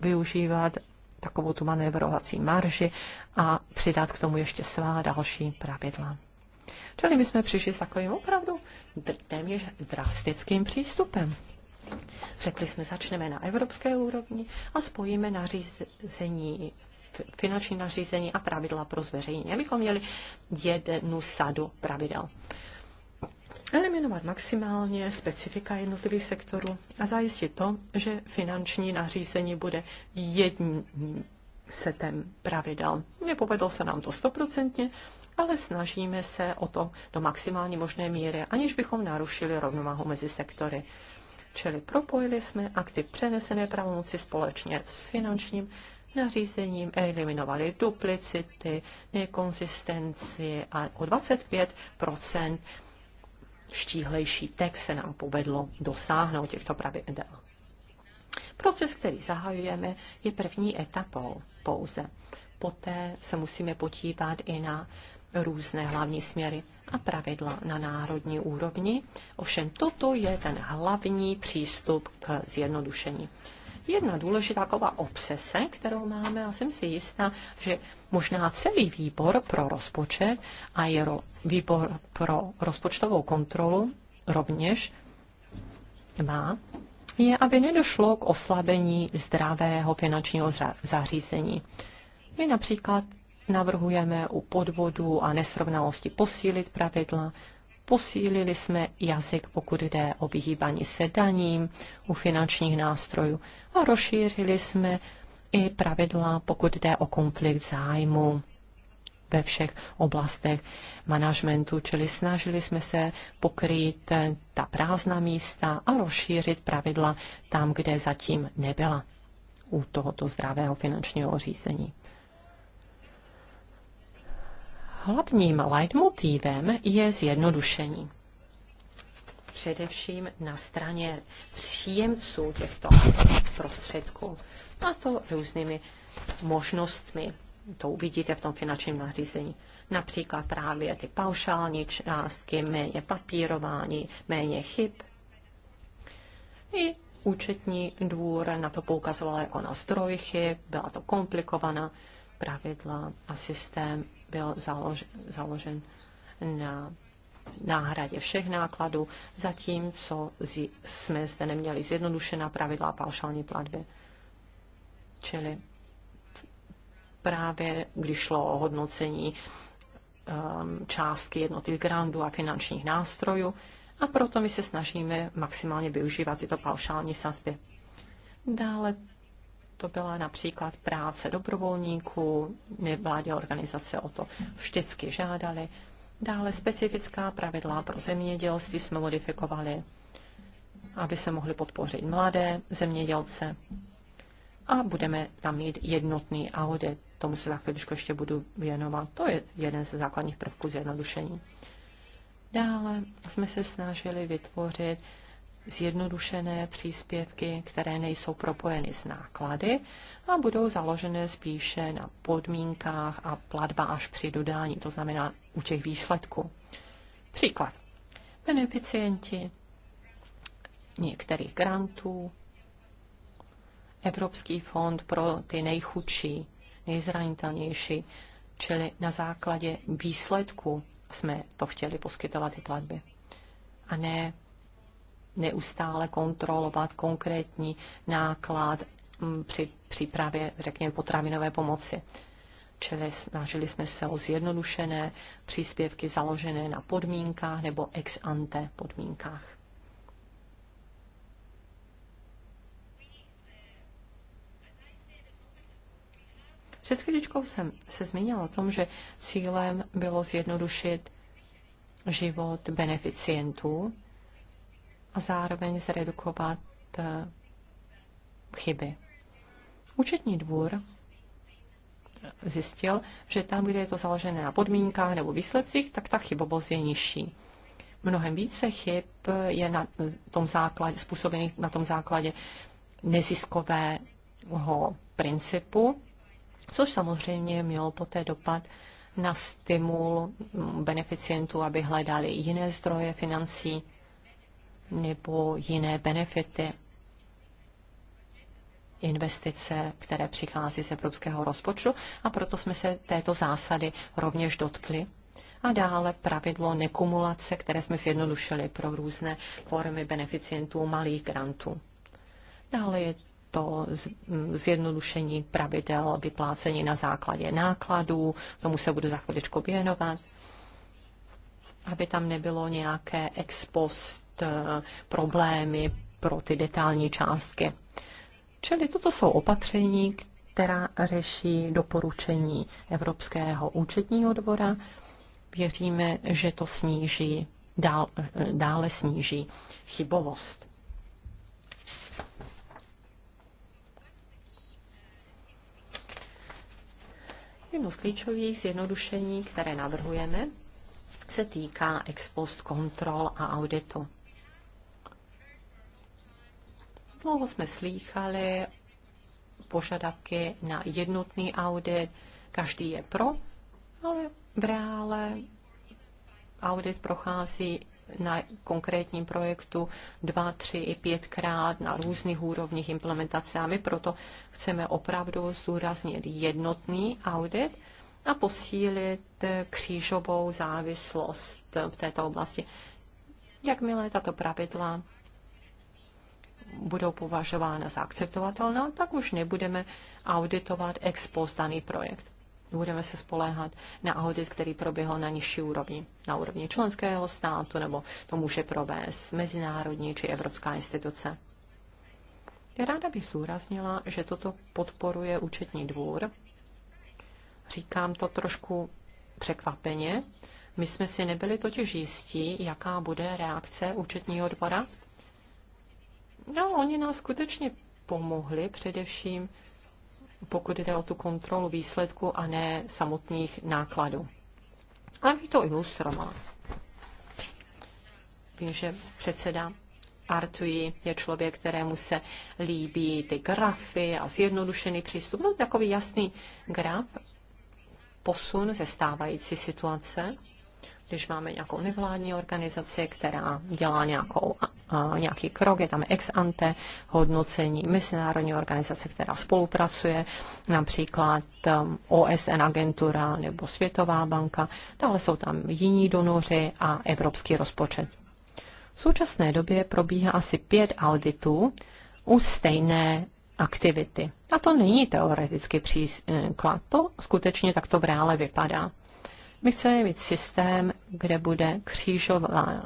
využívat takovou tu manévrovací marži a přidat k tomu ještě svá další pravidla. Čili my jsme přišli s takovým opravdu téměř drastickým přístupem. Řekli jsme, začneme na evropské úrovni a spojíme nařízení finanční nařízení a pravidla pro zveřejnění, abychom měli jednu sadu pravidel. Eliminovat maximálně specifika jednotlivých sektorů a zajistit to, že finanční nařízení bude jedním setem pravidel. Nepovedlo se nám to stoprocentně, ale snažíme se o to do maximální možné míry, aniž bychom narušili rovnováhu mezi sektory. Čili propojili jsme aktiv přenesené pravomoci společně s finančním nařízením, eliminovali duplicity, nekonzistenci a o 25 štíhlejší text se nám povedlo dosáhnout těchto pravidel. Proces, který zahajujeme, je první etapou pouze. Poté se musíme podívat i na různé hlavní směry a pravidla na národní úrovni. Ovšem toto je ten hlavní přístup k zjednodušení. Jedna důležitá taková obsese, kterou máme, já jsem si jistá, že možná celý výbor pro rozpočet a je ro, výbor pro rozpočtovou kontrolu rovněž má, je, aby nedošlo k oslabení zdravého finančního zařízení. My například navrhujeme u podvodu a nesrovnalosti posílit pravidla. Posílili jsme jazyk, pokud jde o vyhýbání se daním u finančních nástrojů a rozšířili jsme i pravidla, pokud jde o konflikt zájmu ve všech oblastech manažmentu. čili snažili jsme se pokrýt ta prázdná místa a rozšířit pravidla tam, kde zatím nebyla u tohoto zdravého finančního řízení. Hlavním leitmotivem je zjednodušení. Především na straně příjemců těchto prostředků. A to různými možnostmi. To uvidíte v tom finančním nařízení. Například právě ty paušální částky, méně papírování, méně chyb. I účetní dvůr na to poukazoval jako na zdroj chyb, byla to komplikovaná pravidla a systém byl založ, založen na náhradě všech nákladů, zatímco zi, jsme zde neměli zjednodušená pravidla paušální platby. Čili právě když šlo o hodnocení um, částky jednotlivých grantů a finančních nástrojů, a proto my se snažíme maximálně využívat tyto paušální sazby. Dále to byla například práce dobrovolníků, nevládě organizace o to vždycky žádali. Dále specifická pravidla pro zemědělství jsme modifikovali, aby se mohli podpořit mladé zemědělce. A budeme tam mít jednotný audit. Tomu se za chvíličku ještě budu věnovat. To je jeden ze základních prvků zjednodušení. Dále jsme se snažili vytvořit zjednodušené příspěvky, které nejsou propojeny s náklady a budou založené spíše na podmínkách a platba až při dodání, to znamená u těch výsledků. Příklad. Beneficienti některých grantů, Evropský fond pro ty nejchudší, nejzranitelnější, čili na základě výsledku jsme to chtěli poskytovat ty platby. A ne neustále kontrolovat konkrétní náklad mm, při přípravě, řekněme, potravinové pomoci. Čili snažili jsme se o zjednodušené příspěvky založené na podmínkách nebo ex ante podmínkách. Před chvíličkou jsem se zmínila o tom, že cílem bylo zjednodušit život beneficientů a zároveň zredukovat eh, chyby. Účetní dvůr zjistil, že tam, kde je to založené na podmínkách nebo výsledcích, tak ta chybovost je nižší. Mnohem více chyb je na tom základě, způsobených na tom základě neziskového principu, což samozřejmě mělo poté dopad na stimul beneficientů, aby hledali jiné zdroje financí nebo jiné benefity investice, které přichází z evropského rozpočtu a proto jsme se této zásady rovněž dotkli. A dále pravidlo nekumulace, které jsme zjednodušili pro různé formy beneficientů malých grantů. Dále je to mm, zjednodušení pravidel vyplácení na základě nákladů, tomu se budu za chviličku věnovat, aby tam nebylo nějaké ex post Eh, problémy pro ty detailní částky. Čili toto jsou opatření, která řeší doporučení Evropského účetního dvora. Věříme, že to sníží, dál, eh, dále sníží chybovost. Jedno z klíčových zjednodušení, které navrhujeme, se týká ex post kontrol a auditu. Dlouho jsme slýchali požadavky na jednotný audit, každý je pro, ale v reále audit prochází na konkrétním projektu dva, tři i pětkrát na různých úrovních implementace a my proto chceme opravdu zdůraznit jednotný audit a posílit křížovou závislost v této oblasti. Jakmile tato pravidla budou považována za akceptovatelná, tak už nebudeme auditovat ex post daný projekt. Budeme se spoléhat na audit, který proběhl na nižší úrovni, na úrovni členského státu, nebo to může provést mezinárodní či evropská instituce. Ráda bych zdůraznila, že toto podporuje účetní dvůr. Říkám to trošku překvapeně. My jsme si nebyli totiž jistí, jaká bude reakce účetního dvora No, oni nás skutečně pomohli především, pokud jde o tu kontrolu výsledku a ne samotných nákladů. Abych to ilustrovala. Vím, že předseda Artui je člověk, kterému se líbí ty grafy a zjednodušený přístup. No, takový jasný graf, posun ze stávající situace když máme nějakou nevládní organizaci, která dělá nějakou, a, nějaký krok, je tam ex ante hodnocení mezinárodní organizace, která spolupracuje, například um, OSN agentura nebo Světová banka, dále jsou tam jiní donoři a evropský rozpočet. V současné době probíhá asi pět auditů u stejné aktivity. A to není teoretický příklad, eh, to skutečně takto v reále vypadá. My chceme mít systém, kde bude křížová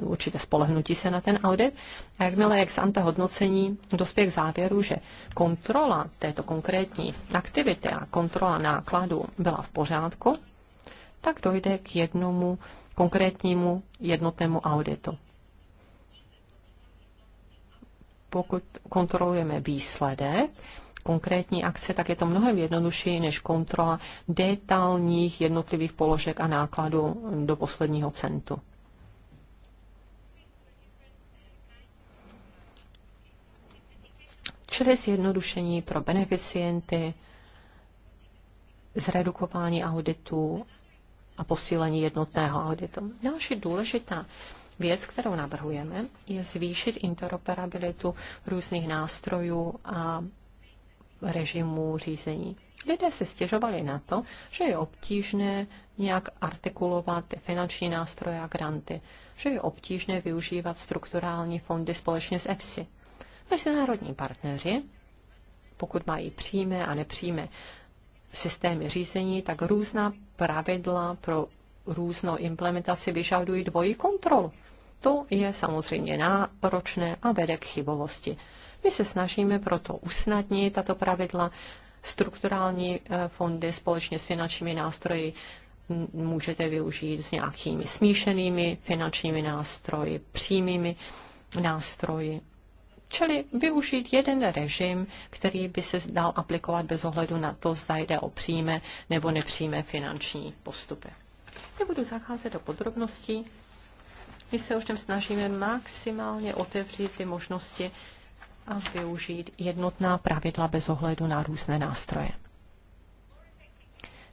určité spolehnutí se na ten audit a jakmile ex ante hodnocení dospěje k závěru, že kontrola této konkrétní aktivity a kontrola nákladů byla v pořádku, tak dojde k jednomu konkrétnímu jednotnému auditu. Pokud kontrolujeme výsledek, konkrétní akce, tak je to mnohem jednodušší než kontrola detailních jednotlivých položek a nákladů do posledního centu. Čili zjednodušení pro beneficienty, zredukování auditu a posílení jednotného auditu. Další důležitá Věc, kterou navrhujeme, je zvýšit interoperabilitu různých nástrojů a režimu řízení. Lidé se stěžovali na to, že je obtížné nějak artikulovat finanční nástroje a granty, že je obtížné využívat strukturální fondy společně s EFSI. Mezinárodní partneři, pokud mají přímé a nepřímé systémy řízení, tak různá pravidla pro různou implementaci vyžadují dvojí kontrolu. To je samozřejmě náročné a vede k chybovosti. My se snažíme proto usnadnit tato pravidla. Strukturální eh, fondy společně s finančními nástroji můžete využít s nějakými smíšenými finančními nástroji, přímými nástroji. Čili využít jeden režim, který by se dal aplikovat bez ohledu na to, zda jde o přímé nebo nepřímé finanční postupy. Nebudu zacházet do podrobností. My se už snažíme maximálně otevřít ty možnosti a využít jednotná pravidla bez ohledu na různé nástroje.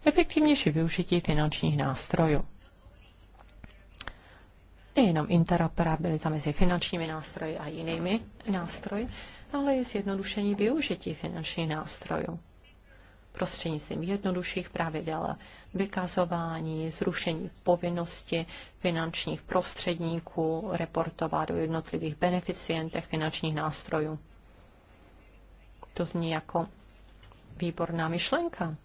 Efektivnější využití finančních nástrojů. Nejenom interoperabilita mezi finančními nástroji a jinými nástroji, ale i zjednodušení využití finančních nástrojů prostřednictvím jednodušších pravidel, vykazování, zrušení povinnosti finančních prostředníků reportovat o jednotlivých beneficientech finančních nástrojů. To zní jako výborná myšlenka,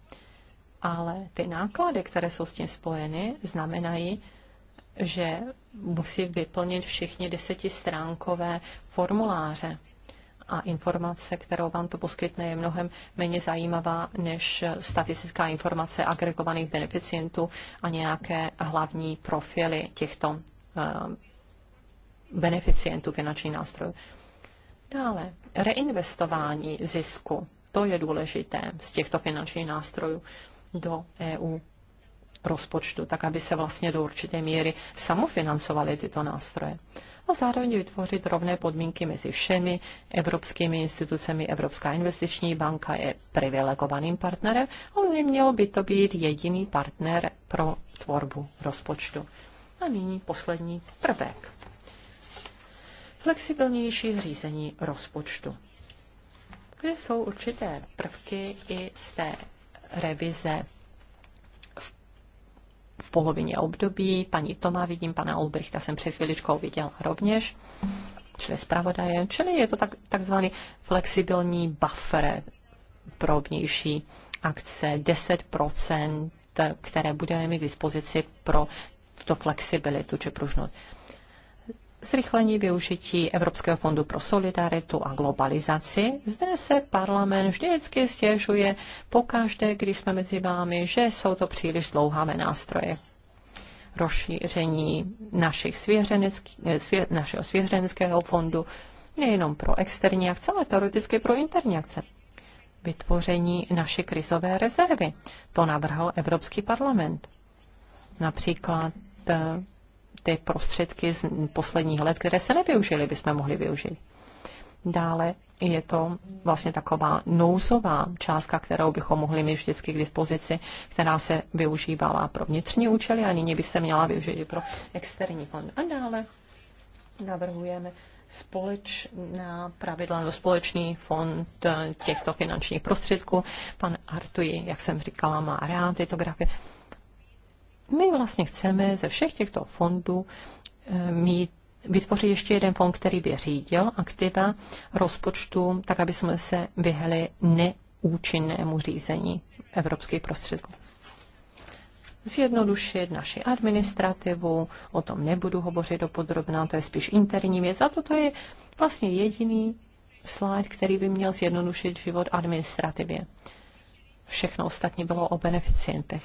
ale ty náklady, které jsou s tím spojeny, znamenají, že musí vyplnit všichni desetistránkové formuláře a informace, kterou vám to poskytne, je mnohem méně zajímavá než statistická informace agregovaných beneficientů a nějaké hlavní profily těchto eh, beneficientů finanční nástrojů. Dále, reinvestování zisku, to je důležité z těchto finančních nástrojů do EU rozpočtu, tak aby se vlastně do určité míry samofinancovaly tyto nástroje a zároveň vytvořit rovné podmínky mezi všemi evropskými institucemi. Evropská investiční banka je privilegovaným partnerem, ale nemělo by to být jediný partner pro tvorbu rozpočtu. A nyní poslední prvek. Flexibilnější řízení rozpočtu. Kde jsou určité prvky i z té revize polovině období. Paní Toma vidím, pana Olbrichta jsem před chviličkou viděl. rovněž, čili zpravodaje. Čili je to tak, takzvaný flexibilní buffer pro vnější akce 10%, které budeme mít k dispozici pro tuto flexibilitu či pružnost zrychlení využití Evropského fondu pro solidaritu a globalizaci. Zde se parlament vždycky stěžuje pokaždé, když jsme mezi vámi, že jsou to příliš dlouhavé nástroje rozšíření našich eh, svě, našeho svěřenského fondu, nejenom pro externí akce, ale teoreticky pro interní akce. Vytvoření naší krizové rezervy. To navrhl Evropský parlament. Například eh, ty prostředky z posledních let, které se nevyužily, bychom mohli využít. Dále je to vlastně taková nouzová částka, kterou bychom mohli mít vždycky k dispozici, která se využívala pro vnitřní účely a nyní by se měla využít i pro externí fond. A dále navrhujeme společná pravidla nebo společný fond eh, těchto finančních prostředků. Pan Artuji, jak jsem říkala, má rád tyto grafy. My vlastně chceme ze všech těchto fondů eh, mít vytvořit ještě jeden fond, který by řídil aktiva rozpočtu, tak aby jsme se vyhli neúčinnému řízení evropských prostředků. Zjednodušit naši administrativu, o tom nebudu hovořit do podrobná, to je spíš interní věc a toto je vlastně jediný slide, který by měl zjednodušit život administrativě. Všechno ostatní bylo o beneficientech.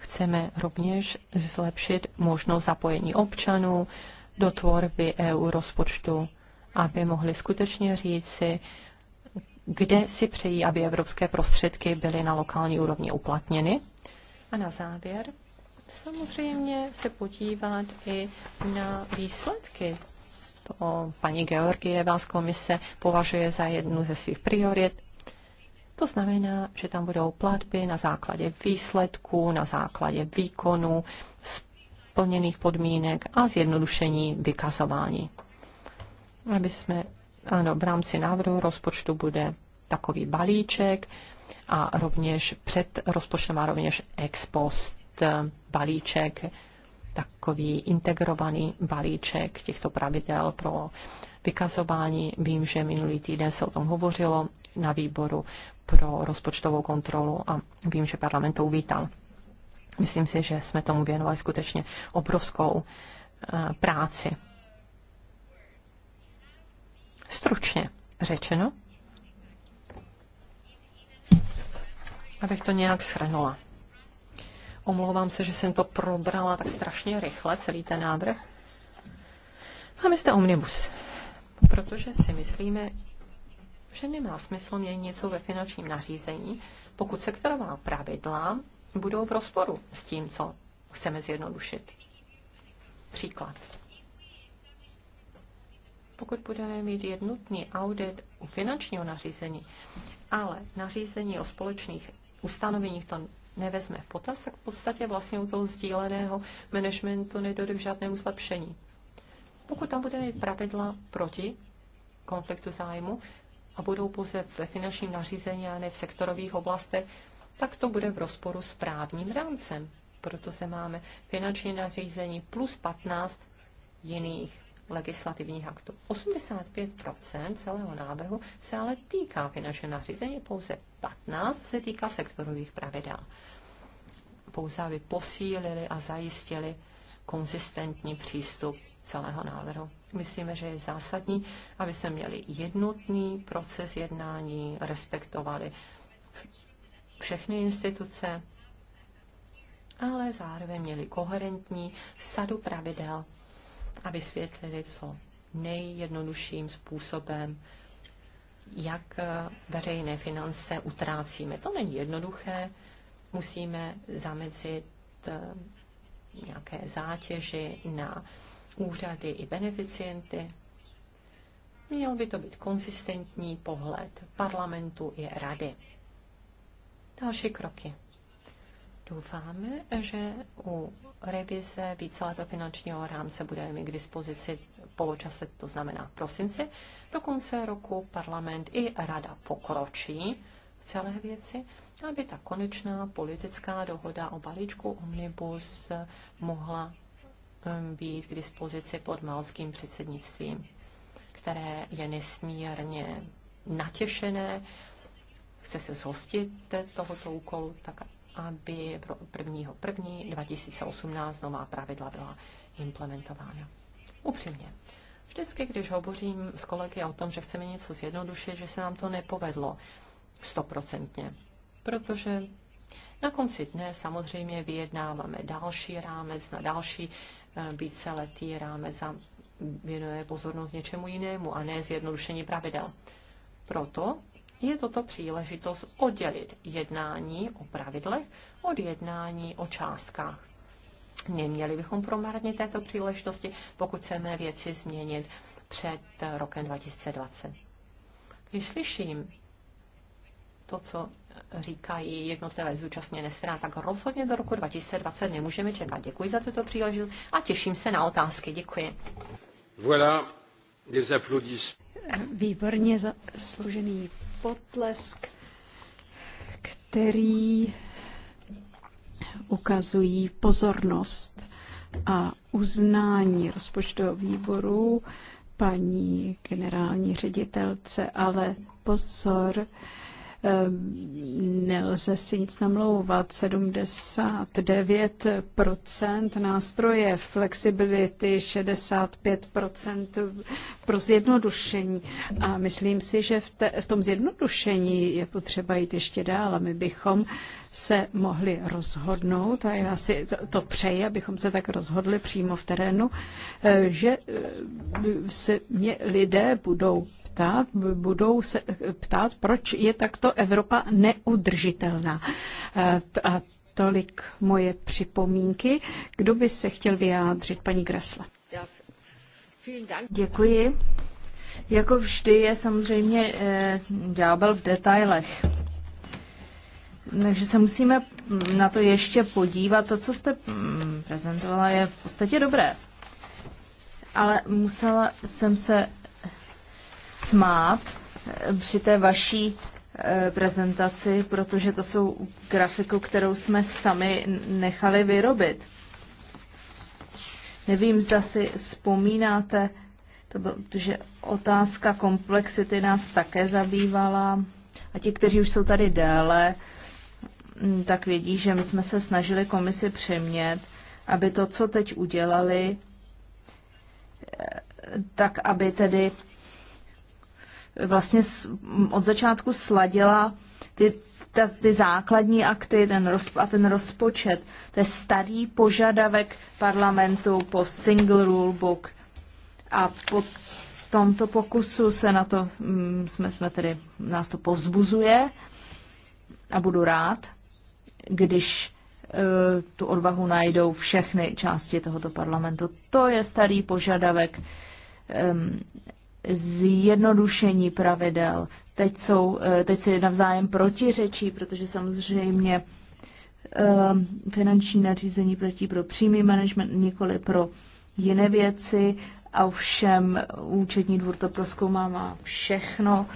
Chceme rovněž zlepšit možnost zapojení občanů do tvorby EU rozpočtu, aby mohli skutečně říci, kde si přejí, aby evropské prostředky byly na lokální úrovni uplatněny. A na závěr samozřejmě se podívat i na výsledky. To paní Georgieva z komise považuje za jednu ze svých priorit to znamená, že tam budou platby na základě výsledků, na základě výkonu, splněných podmínek a zjednodušení vykazování. Aby jsme, ano, v rámci návrhu rozpočtu bude takový balíček a rovněž před rozpočtem a rovněž ex post balíček, takový integrovaný balíček těchto pravidel pro vykazování. Vím, že minulý týden se o tom hovořilo na výboru pro rozpočtovou kontrolu a vím, že parlament to uvítal. Myslím si, že jsme tomu věnovali skutečně obrovskou eh, práci. Stručně řečeno, abych to nějak shrnula. Omlouvám se, že jsem to probrala tak strašně rychle, celý ten návrh. Máme zde omnibus, protože si myslíme, že nemá smysl měnit něco ve finančním nařízení, pokud sektorová pravidla budou v rozporu s tím, co chceme zjednodušit. Příklad. Pokud budeme mít jednotný audit u finančního nařízení, ale nařízení o společných ustanoveních to nevezme v potaz, tak v podstatě vlastně u toho sdíleného managementu nedojde k žádnému zlepšení. Pokud tam budeme mít pravidla proti konfliktu zájmu, a budou pouze ve finančním nařízení a ne v sektorových oblastech, tak to bude v rozporu s právním rámcem. Proto se máme finanční nařízení plus 15 jiných legislativních aktů. 85 celého návrhu se ale týká finančního nařízení, pouze 15 se týká sektorových pravidel. Pouze aby posílili a zajistili konzistentní přístup celého návrhu. Myslíme, že je zásadní, aby se měli jednotný proces jednání, respektovali všechny instituce, ale zároveň měli koherentní sadu pravidel a vysvětlili co nejjednodušším způsobem, jak eh, veřejné finance utrácíme. To není jednoduché, musíme zamezit eh, nějaké zátěži na úřady i beneficienty. Měl by to být konzistentní pohled parlamentu i rady. Další kroky. Doufáme, že u revize víceletého finančního rámce budeme mít k dispozici poločase, to znamená v prosinci. Do konce roku parlament i rada pokročí v celé věci, aby ta konečná politická dohoda o balíčku Omnibus mohla být k dispozici pod malským předsednictvím, které je nesmírně natěšené, chce se zhostit tohoto úkolu, tak aby 1. 1. 2018 nová pravidla byla implementována. Upřímně. Vždycky, když hovořím s kolegy o tom, že chceme něco zjednodušit, že se nám to nepovedlo stoprocentně, protože na konci dne samozřejmě vyjednáváme další rámec na další víceletý rámec věnuje pozornost něčemu jinému a ne zjednodušení pravidel. Proto je toto příležitost oddělit jednání o pravidlech od jednání o částkách. Neměli bychom promarnit této příležitosti, pokud chceme věci změnit před rokem 2020. Když slyším to, co říkají jednotlivé zúčastněné strany, tak rozhodně do roku 2020 nemůžeme čekat. Děkuji za tuto příležitost a těším se na otázky. Děkuji. Voilà des Výborně zasloužený potlesk, který ukazují pozornost a uznání rozpočtového výboru paní generální ředitelce, ale pozor, Ehm, nelze si nic namlouvat. 79% nástroje flexibility, 65% pro zjednodušení. A myslím si, že v, te, v tom zjednodušení je potřeba jít ještě dál. A my bychom se mohli rozhodnout, a já si to, to přeji, abychom se tak rozhodli přímo v terénu, eh, že eh, se mě lidé budou ptát, budou se ptát, proč je takto Evropa neudržitelná. Eh, a tolik moje připomínky. Kdo by se chtěl vyjádřit, paní Gresle? Děkuji. Jako vždy je samozřejmě e, v detailech. Takže se musíme na to ještě podívat. To, co jste mm, prezentovala, je v podstatě dobré. Ale musela jsem se smát eh, při té vaší eh, prezentaci, protože to jsou grafiku, kterou jsme sami nechali vyrobit. Nevím, zda si vzpomínáte, to byl, protože otázka komplexity nás také zabývala. A ti, kteří už jsou tady déle, Mm, tak vědí, že my jsme se snažili komisi přemět, aby to, co teď udělali, eh, tak aby tedy vlastně od začátku sladila ty, ta, ty základní akty ten roz, a ten rozpočet. To je starý požadavek parlamentu po single rule book a po tomto pokusu se na to, mm, jsme, jsme tedy, nás to povzbuzuje a budu rád, když e, tu odvahu najdou všechny části tohoto parlamentu. To je starý požadavek zjednodušení pravidel. Teď, jsou, e, teď se navzájem protiřečí, protože samozřejmě finanční nařízení platí pro přímý management, nikoli pro jiné věci. A ovšem účetní dvůr to proskoumá má všechno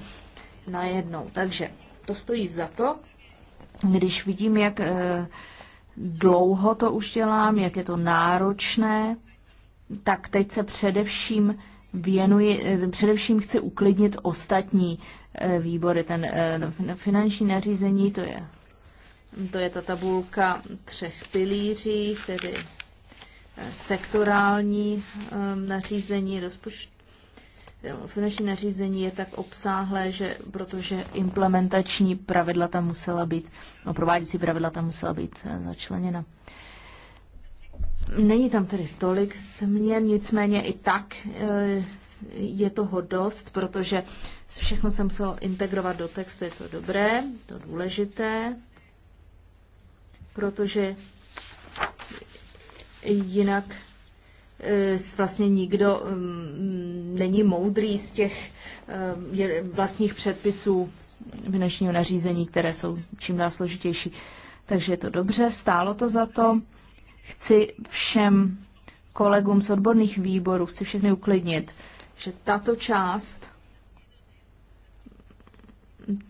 najednou. Takže to stojí za to když vidím, jak eh, dlouho to už dělám, jak je to náročné, tak teď se především věnuji, eh, především chci uklidnit ostatní eh, výbory. Ten, finanční nařízení, to je, to je ta tabulka třech pilíří, tedy sektorální nařízení rozpočtu Finanční nařízení je tak obsáhlé, že protože implementační pravidla tam musela být, no, prováděcí pravidla tam musela být eh, začleněna. Není tam tedy tolik směr, nicméně i tak eh, je toho dost, protože všechno se muselo integrovat do textu, je to dobré, to důležité, protože jinak vlastně nikdo mm, není moudrý z těch eh, vlastních předpisů finančního nařízení, které jsou čím dál složitější. Takže je to dobře, stálo to za to. Chci všem kolegům z odborných výborů, chci všechny uklidnit, že tato část,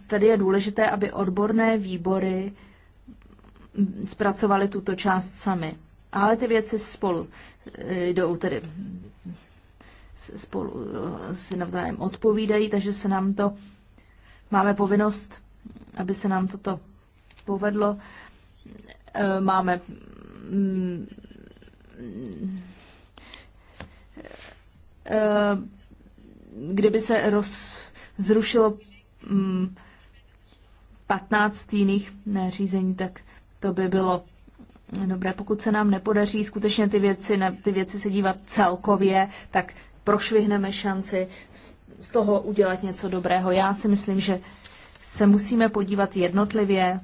tady je důležité, aby odborné výbory zpracovaly tuto část sami. Ale ty věci spolu E, jdou tedy spolu e, si navzájem odpovídají, takže se nám to, máme povinnost, aby se nám toto povedlo. E, máme mm, kdyby se roz, zrušilo 15 mm, jiných nařízení, tak to by bylo Dobré, pokud se nám nepodaří skutečně ty věci, ne, ty věci se dívat celkově, tak prošvihneme šanci z toho udělat něco dobrého. Já si myslím, že se musíme podívat jednotlivě,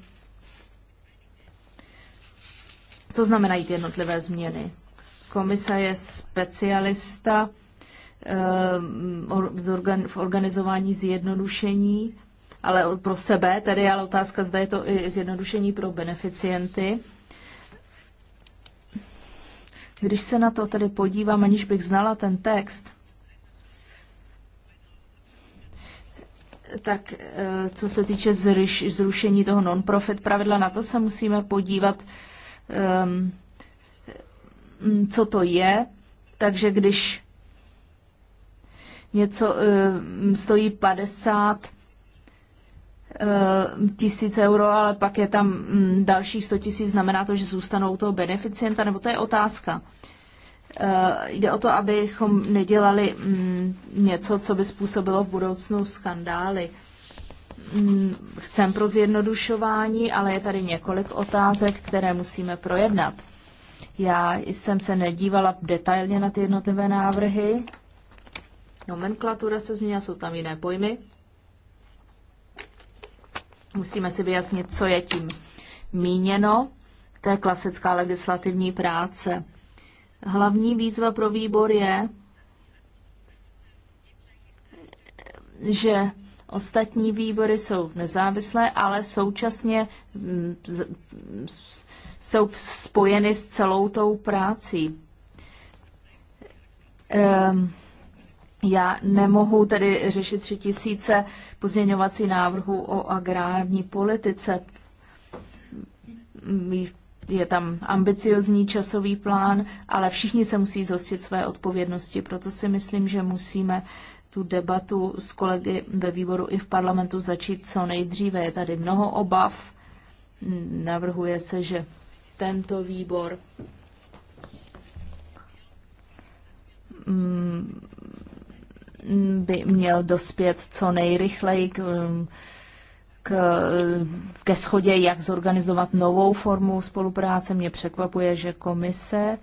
co znamenají ty jednotlivé změny. Komise je specialista eh, v organizování zjednodušení, ale pro sebe, tedy ale otázka, zda je to i zjednodušení pro beneficienty. Když se na to tedy podívám, aniž bych znala ten text, tak eh, co se týče zrušení toho non-profit pravidla, na to se musíme podívat, ehm, mm, co to je. Takže když něco ehm, stojí 50 Eh, tisíc euro, ale pak je tam mm, dalších 100 tisíc, znamená to, že zůstanou toho beneficienta, nebo to je otázka. Eh, jde o to, abychom nedělali mm, něco, co by způsobilo v budoucnu skandály. Mm, chcem pro zjednodušování, ale je tady několik otázek, které musíme projednat. Já jsem se nedívala detailně na ty jednotlivé návrhy. Nomenklatura se změnila, jsou tam jiné pojmy. Musíme si vyjasnit, co je tím míněno. To je klasická legislativní práce. Hlavní výzva pro výbor je, že ostatní výbory jsou nezávislé, ale současně mm, jsou spojeny s celou tou prácí. Um, ehm, já nemohu tedy řešit tři tisíce pozměňovací návrhů o agrární politice. Je tam ambiciozní časový plán, ale všichni se musí zhostit své odpovědnosti. Proto si myslím, že musíme tu debatu s kolegy ve výboru i v parlamentu začít co nejdříve. Je tady mnoho obav. Navrhuje se, že tento výbor mm, by měl dospět co nejrychleji k, um, k, ke schodě, jak zorganizovat novou formu spolupráce. Mě překvapuje, že komise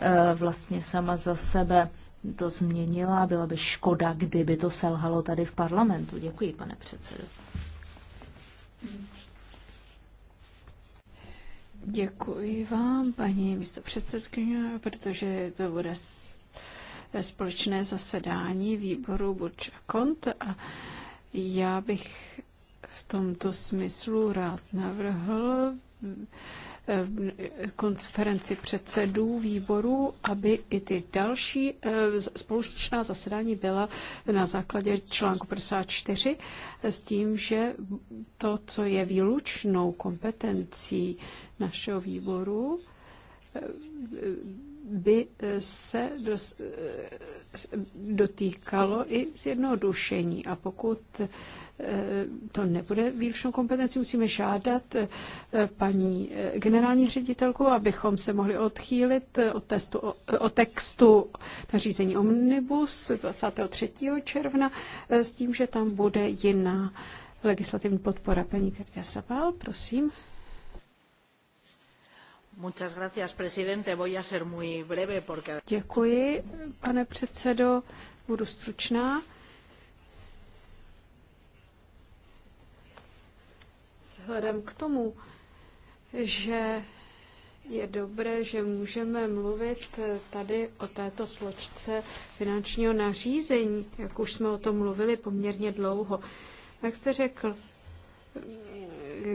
eh, vlastně sama za sebe to změnila. Byla by škoda, kdyby to selhalo tady v parlamentu. Děkuji, pane předsedo. Děkuji vám, paní místopředsedkyně, protože to bude společné zasedání výboru Buč a Kont a já bych v tomto smyslu rád navrhl eh, konferenci předsedů výboru, aby i ty další eh, společná zasedání byla na základě článku 54 eh, s tím, že to, co je výlučnou kompetencí našeho výboru, by eh, se dos, eh, dotýkalo i zjednodušení. A pokud eh, to nebude výlučnou kompetenci, musíme žádat paní generální ředitelku, abychom se mohli odchýlit od, testu, od textu nařízení Omnibus 23. června s tím, že tam bude jiná legislativní podpora. Paní Katia Sabal, prosím. Děkuji, pane předsedo. Budu stručná. Vzhledem k tomu, že je dobré, že můžeme mluvit tady o této složce finančního nařízení, jak už jsme o tom mluvili poměrně dlouho. Jak jste řekl,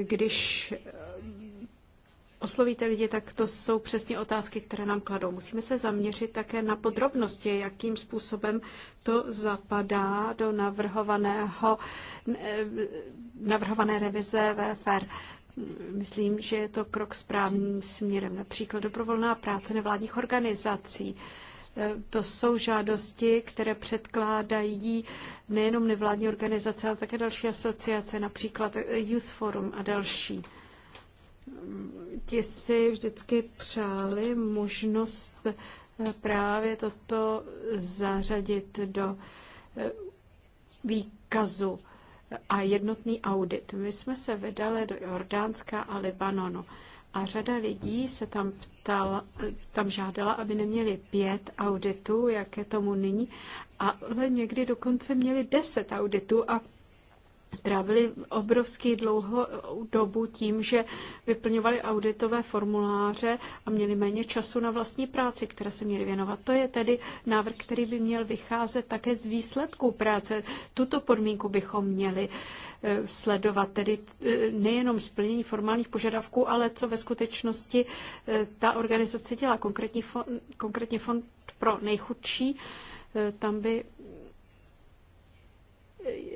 když oslovíte lidi, tak to jsou přesně otázky, které nám kladou. Musíme se zaměřit také na podrobnosti, jakým způsobem to zapadá do navrhovaného, navrhované revize VFR. Myslím, že je to krok správným směrem. Například dobrovolná práce nevládních organizací. To jsou žádosti, které předkládají nejenom nevládní organizace, ale také další asociace, například Youth Forum a další ti si vždycky přáli možnost eh, právě toto zařadit do eh, výkazu a jednotný audit. My jsme se vydali do Jordánska a Libanonu a řada lidí se tam ptala, eh, tam žádala, aby neměli pět auditů, jak je tomu nyní, ale někdy dokonce měli deset auditů a trávili obrovský dlouhou dobu tím, že vyplňovali auditové formuláře a měli méně času na vlastní práci, které se měli věnovat. To je tedy návrh, který by měl vycházet také z výsledků práce. Tuto podmínku bychom měli eh, sledovat, tedy eh, nejenom splnění formálních požadavků, ale co ve skutečnosti eh, ta organizace dělá. Konkrétně fond, konkrétně fond pro nejchudší, tam by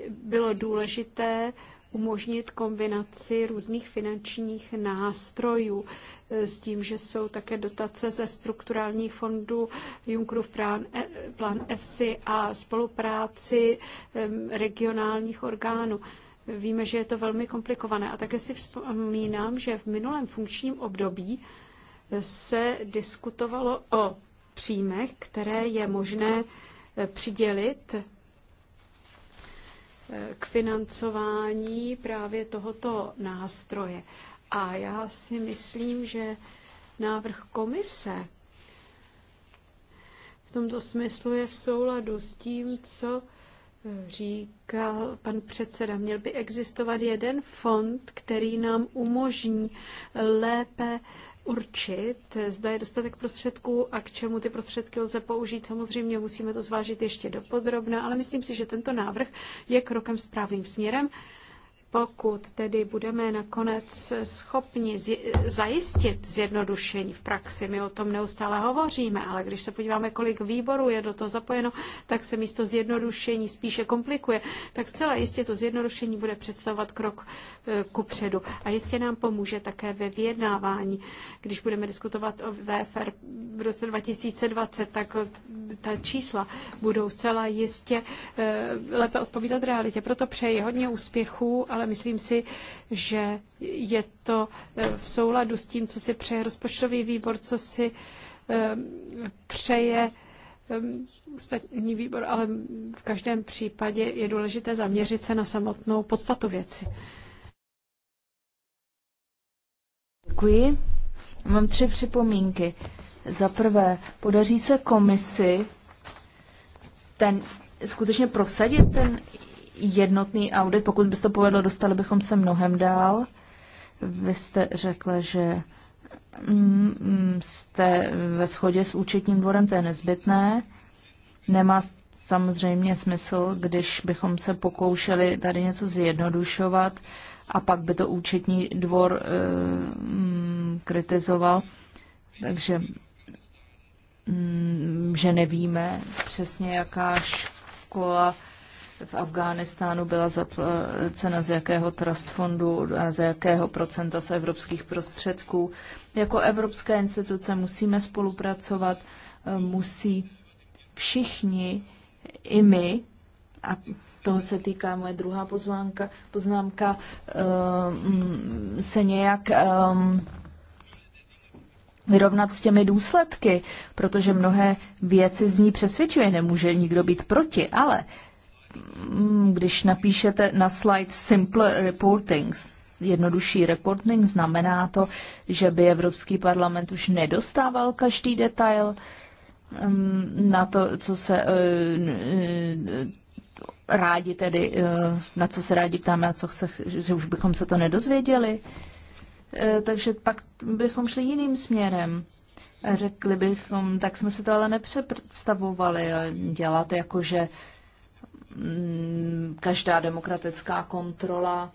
bylo důležité umožnit kombinaci různých finančních nástrojů eh, s tím, že jsou také dotace ze strukturálních fondů Junckerův plán, eh, plán EFSI a spolupráci regionálních orgánů. Víme, že je to velmi komplikované a také si vzpomínám, že v minulém funkčním období eh, se diskutovalo o příjmech, které je možné přidělit Eh, k financování právě tohoto nástroje. A já si myslím, že návrh komise v tomto smyslu je v souladu s tím, co eh, říkal pan předseda. Měl by existovat jeden fond, který nám umožní lépe určit, zda je dostatek prostředků a k čemu ty prostředky lze použít. Samozřejmě musíme to zvážit ještě dopodrobna, ale myslím si, že tento návrh je krokem správným směrem pokud tedy budeme nakonec schopni zajistit zjednodušení v praxi, my o tom neustále hovoříme, ale když se podíváme, kolik výborů je do toho zapojeno, tak se místo zjednodušení spíše komplikuje, tak zcela jistě to zjednodušení bude představovat krok e, ku předu. A jistě nám pomůže také ve vyjednávání. Když budeme diskutovat o VFR v roce 2020, tak ta čísla budou zcela jistě e, lépe odpovídat realitě. Proto přeji hodně úspěchů, ale ale myslím si, že je to eh, v souladu s tím, co si přeje rozpočtový výbor, co si eh, přeje eh, ostatní výbor, ale v každém případě je důležité zaměřit se na samotnou podstatu věci. Děkuji. Mám tři připomínky. Za prvé, podaří se komisi ten skutečně prosadit ten jednotný audit. Pokud byste to povedlo, dostali bychom se mnohem dál. Vy jste řekla, že mm, mm, jste ve shodě s účetním dvorem, to je nezbytné. Nemá samozřejmě smysl, když bychom se pokoušeli tady něco zjednodušovat a pak by to účetní dvor e, kritizoval. Takže že nevíme přesně, jaká škola v Afghánistánu byla zaplacena z jakého trust fondu a z jakého procenta z evropských prostředků. Jako evropské instituce musíme spolupracovat, musí všichni, i my, a toho se týká moje druhá pozvánka, poznámka, ehm, se nějak ehm, vyrovnat s těmi důsledky, protože mnohé věci z ní přesvědčuje, nemůže nikdo být proti, ale Mm, když napíšete na slide simple reporting, jednodušší reporting, znamená to, že by Evropský parlament už nedostával každý detail mm, na to, co se eh, eh, rádi tedy, eh, na co se rádi ptáme a co chce, že už bychom se to nedozvěděli. Takže pak bychom šli jiným směrem. Řekli bychom, tak jsme si to ale nepředstavovali dělat jako, že Mm, každá demokratická kontrola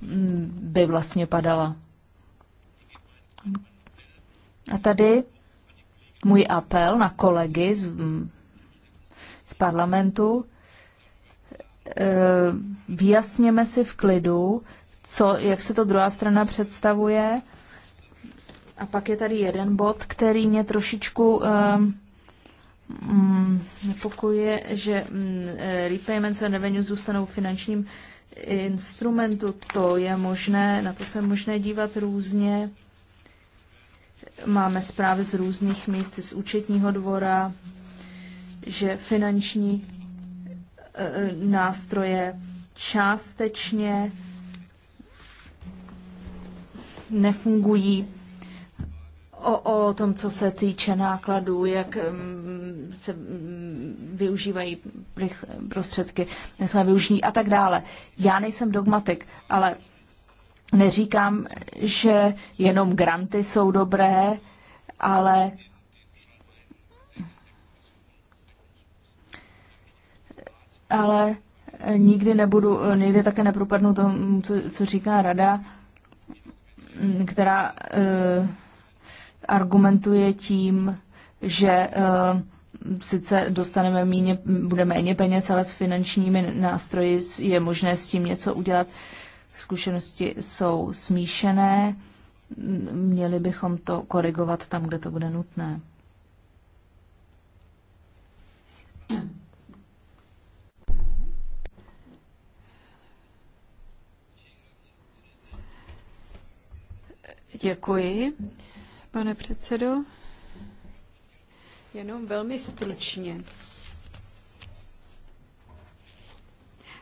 mm, by vlastně padala. A tady můj apel na kolegy z, mm, z parlamentu. E, vyjasněme si v klidu, co, jak se to druhá strana představuje. A pak je tady jeden bod, který mě trošičku um, Mm, nepokoje, že mm, eh, repayments a revenue zůstanou finančním instrumentu. To je možné, na to se možné dívat různě. Máme zprávy z různých míst, z účetního dvora, že finanční eh, nástroje částečně nefungují o, o tom, co se týče nákladů, jak se využívají prostředky, rychle využití a tak dále. Já nejsem dogmatik, ale neříkám, že jenom granty jsou dobré, ale ale nikdy nebudu, nikdy také nepropadnu tomu, co, co říká rada, která uh, argumentuje tím, že eh, sice dostaneme méně, bude méně peněz, ale s finančními nástroji je možné s tím něco udělat. Zkušenosti jsou smíšené, měli bychom to korigovat tam, kde to bude nutné. Děkuji pane předsedo. Jenom velmi stručně.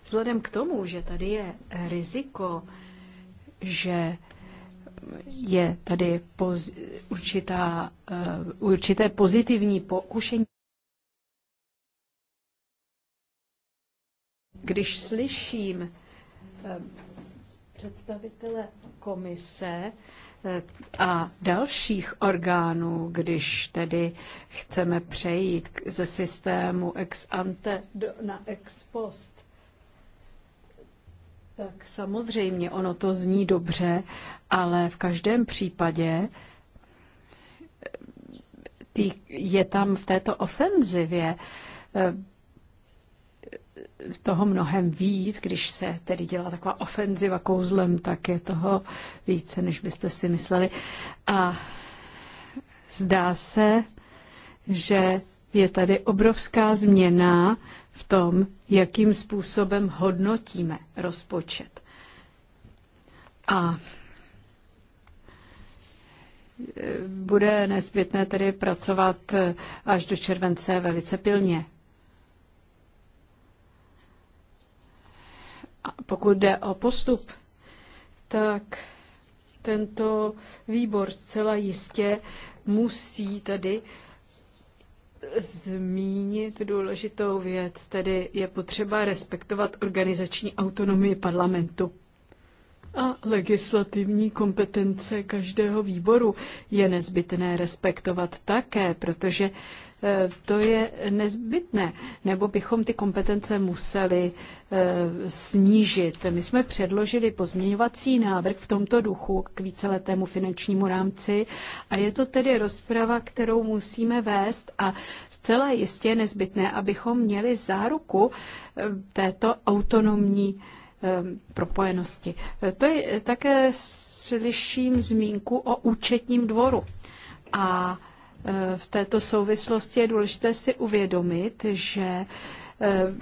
Vzhledem k tomu, že tady je riziko, že je tady poz, určitá, eh, určité pozitivní pokušení. Když slyším eh, představitele komise, a dalších orgánů, když tedy chceme přejít ze systému ex ante na ex post. Tak samozřejmě, ono to zní dobře, ale v každém případě eh, je tam v této ofenzivě eh, toho mnohem víc, když se tedy dělá taková ofenziva kouzlem, tak je toho více, než byste si mysleli. A zdá se, že je tady obrovská změna v tom, jakým způsobem hodnotíme rozpočet. A bude nezbytné tedy pracovat až do července velice pilně pokud jde o postup, tak tento výbor zcela jistě musí tedy zmínit důležitou věc, tedy je potřeba respektovat organizační autonomii parlamentu. A legislativní kompetence každého výboru je nezbytné respektovat také, protože Eh, to je nezbytné, nebo bychom ty kompetence museli eh, snížit. My jsme předložili pozměňovací návrh v tomto duchu k víceletému finančnímu rámci a je to tedy rozprava, kterou musíme vést a zcela jistě je nezbytné, abychom měli záruku eh, této autonomní propojenosti. To je, také slyším zmínku o účetním dvoru. A v této souvislosti je důležité si uvědomit, že eh,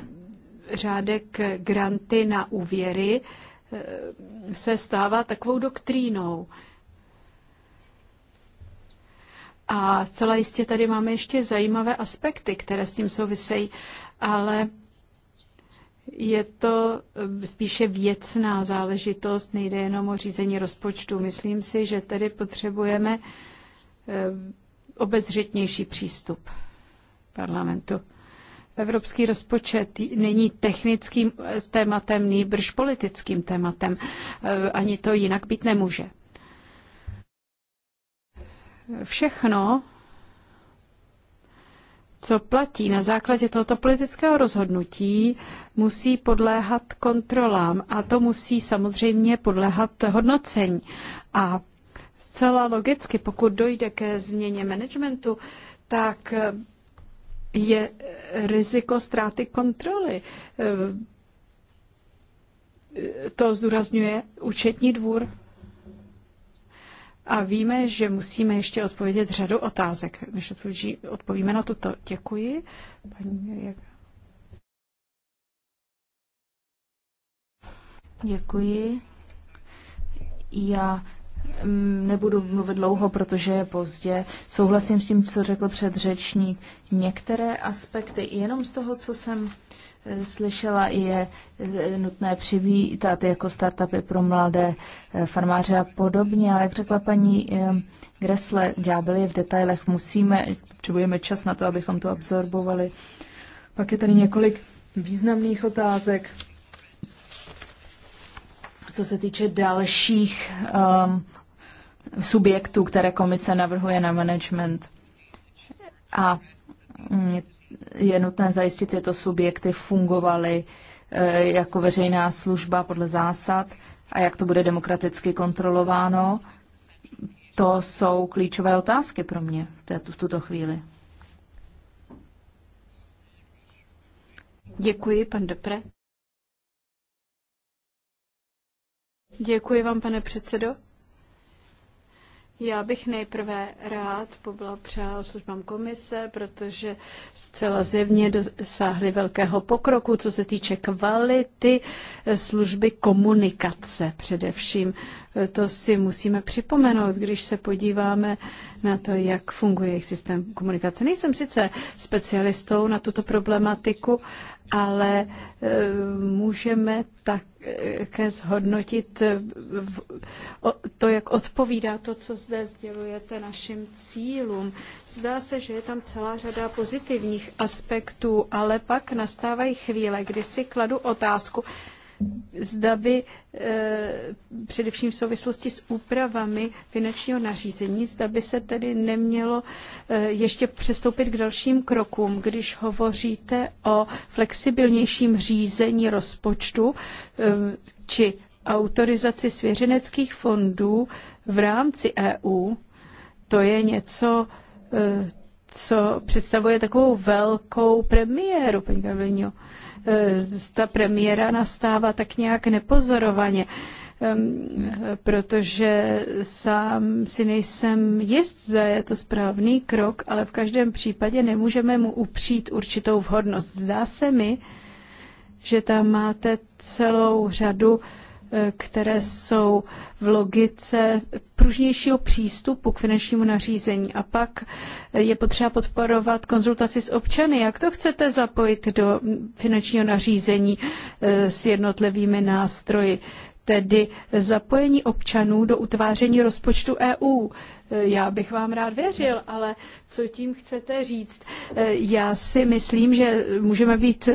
řádek granty na úvěry eh, se stává takovou doktrínou. A celá jistě tady máme ještě zajímavé aspekty, které s tím souvisejí, ale je to eh, spíše věcná záležitost, nejde jenom o řízení rozpočtu. Myslím si, že tady potřebujeme obezřetnější přístup parlamentu. Evropský rozpočet není technickým eh, tématem, nýbrž politickým tématem. Eh, ani to jinak být nemůže. Všechno, co platí na základě tohoto politického rozhodnutí, musí podléhat kontrolám a to musí samozřejmě podléhat hodnocení. A Zcela logicky, pokud dojde ke změně managementu, tak je riziko ztráty kontroly. To zdůrazňuje účetní dvůr. A víme, že musíme ještě odpovědět řadu otázek, než odpovíme na tuto. Děkuji. Paní Mirjaka. Děkuji. Já Mm, nebudu mluvit dlouho, protože je pozdě. Souhlasím s tím, co řekl předřečník. Některé aspekty, jenom z toho, co jsem eh, slyšela, je eh, nutné přivítat jako startupy pro mladé eh, farmáře a podobně, ale jak řekla paní Gresle, ďábel je v detailech, musíme, potřebujeme čas na to, abychom to absorbovali. Pak je tady několik významných otázek co se týče dalších um, subjektů, které komise navrhuje na management. A mm, je nutné zajistit, tyto subjekty fungovaly uh, jako veřejná služba podle zásad a jak to bude demokraticky kontrolováno. To jsou klíčové otázky pro mě v tuto chvíli. Děkuji, pan Dopre. Děkuji vám, pane předsedo. Já bych nejprve rád pobyla přál službám komise, protože zcela zjevně dosáhly velkého pokroku, co se týče kvality služby komunikace především. To si musíme připomenout, když se podíváme na to, jak funguje jejich systém komunikace. Nejsem sice specialistou na tuto problematiku, ale eh, můžeme také zhodnotit eh, to, jak odpovídá to, co zde sdělujete našim cílům. Zdá se, že je tam celá řada pozitivních aspektů, ale pak nastávají chvíle, kdy si kladu otázku, Zda by eh, především v souvislosti s úpravami finančního nařízení, zda by se tedy nemělo eh, ještě přestoupit k dalším krokům, když hovoříte o flexibilnějším řízení rozpočtu eh, či autorizaci svěřeneckých fondů v rámci EU. To je něco, co představuje takovou velkou premiéru, paní Karlinio. Eh, ta premiéra nastává tak nějak nepozorovaně protože sám si nejsem jist, zda je to správný krok, ale v každém případě nemůžeme mu upřít určitou vhodnost. Zdá se mi, že tam máte celou řadu které jsou v logice pružnějšího přístupu k finančnímu nařízení. A pak je potřeba podporovat konzultaci s občany. Jak to chcete zapojit do finančního nařízení eh, s jednotlivými nástroji? Tedy zapojení občanů do utváření rozpočtu EU. Eh, já bych vám rád věřil, ale co tím chcete říct? Eh, já si myslím, že můžeme, být,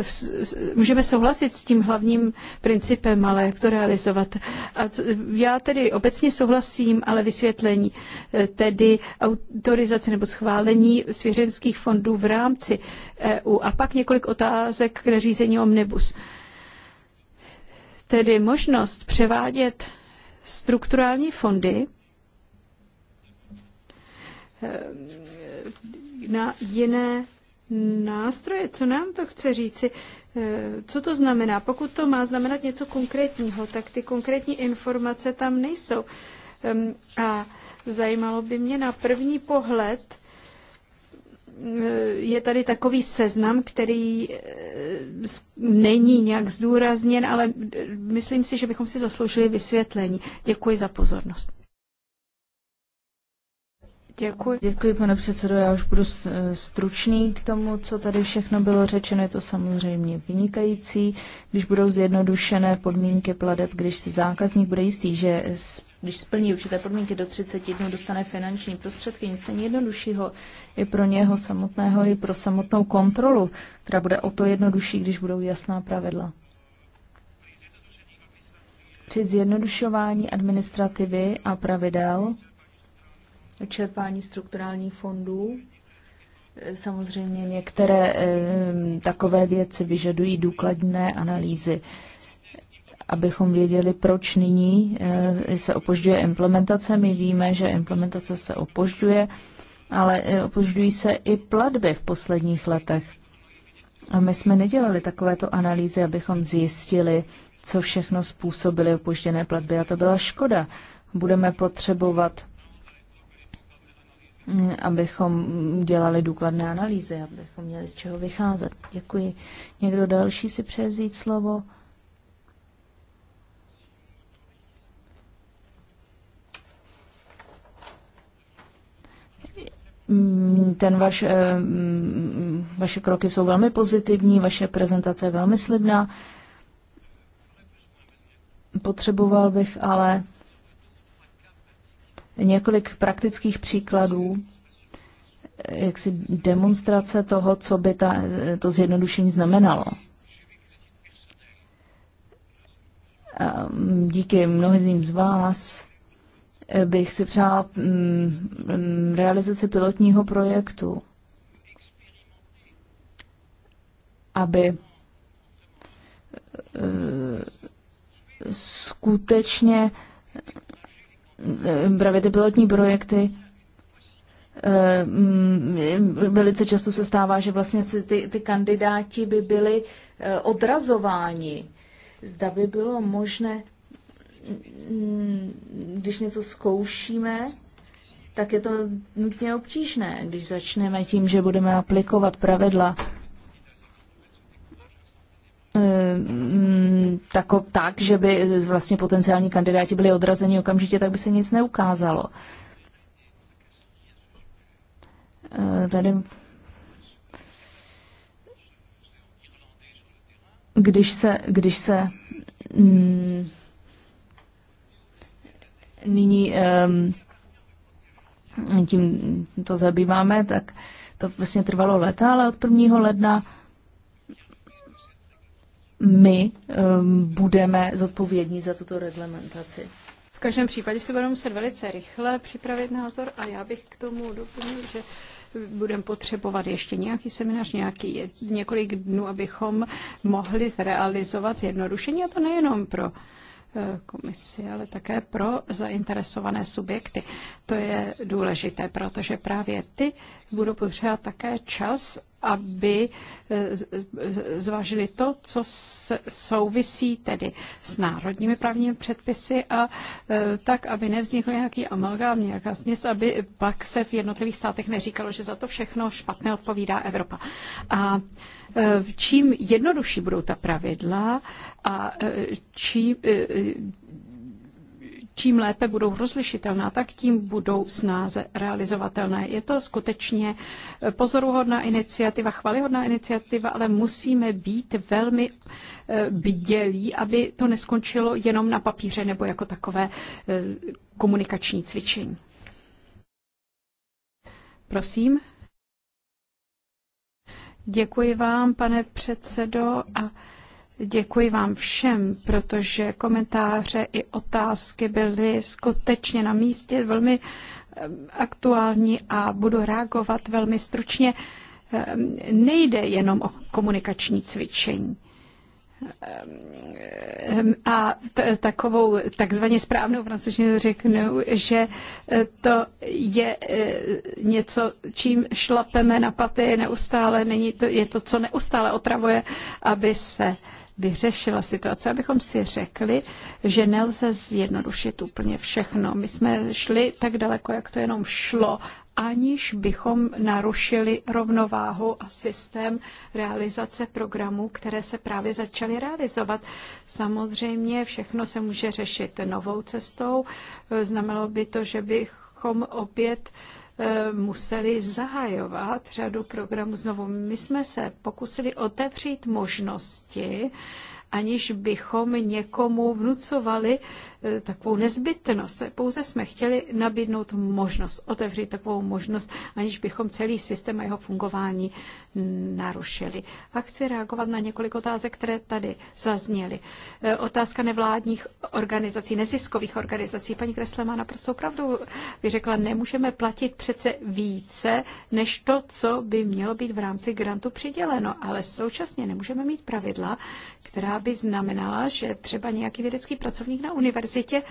můžeme souhlasit s tím hlavním principem, ale jak to realizovat. A co, já tedy obecně souhlasím, ale vysvětlení, eh, tedy autorizace nebo schválení svěřenských fondů v rámci EU. A pak několik otázek k řízení omnibus. Tedy možnost převádět strukturální fondy Eh, na jiné nástroje. Co nám to chce říci? Eh, co to znamená? Pokud to má znamenat něco konkrétního, tak ty konkrétní informace tam nejsou. A zajímalo by mě na první pohled, eh, je tady takový seznam, který není nějak zdůrazněn, ale myslím si, že bychom si zasloužili vysvětlení. Děkuji za pozornost. Děkuji. Děkuji, pane předsedo. Já už budu eh, stručný k tomu, co tady všechno bylo řečeno. Je to samozřejmě vynikající, když budou zjednodušené podmínky pladeb, když si zákazník bude jistý, že když splní určité podmínky do 30 dnů, dostane finanční prostředky. Nic není jednoduššího i pro něho samotného, i pro samotnou kontrolu, která bude o to jednodušší, když budou jasná pravidla. Při zjednodušování administrativy a pravidel čerpání strukturálních fondů. Eh, samozřejmě některé eh, takové věci vyžadují důkladné analýzy, abychom věděli, proč nyní eh, se opožďuje implementace. My víme, že implementace se opožďuje, ale opožďují se i platby v posledních letech. A my jsme nedělali takovéto analýzy, abychom zjistili, co všechno způsobily opožděné platby a to byla škoda. Budeme potřebovat abychom dělali důkladné analýzy, abychom měli z čeho vycházet. Děkuji. Někdo další si přeje vzít slovo? Mm, ten vaš, eh, mm, vaše kroky jsou velmi pozitivní, vaše prezentace je velmi slibná. Potřeboval bych ale několik praktických příkladů jaksi demonstrace toho, co by ta, to zjednodušení znamenalo. A mm, díky mnohým z vás bych si přála mm, realizaci pilotního projektu, aby e, skutečně Eh, právě ty pilotní projekty eh, mm, velice často se stává, že vlastně si ty, ty kandidáti by byli eh, odrazováni. Zda by bylo možné, mm, když něco zkoušíme, tak je to nutně obtížné, když začneme tím, že budeme aplikovat pravidla Eh, mm, tako, tak, že by vlastně potenciální kandidáti byli odrazeni okamžitě, tak by se nic neukázalo. Eh, tady když se, když se mm, nyní um, tím to zabýváme, tak to vlastně trvalo leta, ale od 1. ledna my um, budeme zodpovědní za tuto reglementaci. V každém případě se budeme muset velice rychle připravit názor a já bych k tomu doplnil, že budeme potřebovat ještě nějaký seminář, nějaký, několik dnů, abychom mohli zrealizovat zjednodušení a to nejenom pro eh, komisi, ale také pro zainteresované subjekty. To je důležité, protože právě ty budou potřebovat také čas aby eh, eh, zvažili to, co souvisí tedy s národními právními předpisy a eh, tak, aby nevznikl nějaký amalgám, nějaká směs, aby pak se v jednotlivých státech neříkalo, že za to všechno špatně odpovídá Evropa. A čím jednodušší budou ta pravidla a čím, čím lépe budou rozlišitelná, tak tím budou snáze realizovatelné. Je to skutečně eh, pozoruhodná iniciativa, chvalihodná iniciativa, ale musíme být velmi eh, bdělí, aby to neskončilo jenom na papíře nebo jako takové eh, komunikační cvičení. Prosím. Děkuji vám, pane předsedo. A Děkuji vám všem, protože komentáře i otázky byly skutečně na místě velmi aktuální a budu reagovat velmi stručně. Nejde jenom o komunikační cvičení a takovou takzvaně správnou francouzštinu řeknu, že e, to je e, něco, čím šlapeme na paty neustále, není to, je to, co neustále otravuje, aby se vyřešila situace, abychom si řekli, že nelze zjednodušit úplně všechno. My jsme šli tak daleko, jak to jenom šlo, aniž bychom narušili rovnováhu a systém realizace programů, které se právě začaly realizovat. Samozřejmě všechno se může řešit novou cestou. Znamenalo by to, že bychom opět Eh, museli zahajovat řadu programů znovu. My jsme se pokusili otevřít možnosti, aniž bychom někomu vnucovali Eh, takovou nezbytnost. Pouze jsme chtěli nabídnout možnost, otevřít takovou možnost, aniž bychom celý systém a jeho fungování narušili. A chci reagovat na několik otázek, které tady zazněly. Eh, otázka nevládních organizací, neziskových organizací. Paní Kresle má naprosto pravdu. Vy řekla, nemůžeme platit přece více, než to, co by mělo být v rámci grantu přiděleno, ale současně nemůžeme mít pravidla, která by znamenala, že třeba nějaký vědecký pracovník na univerzitě univerzitě,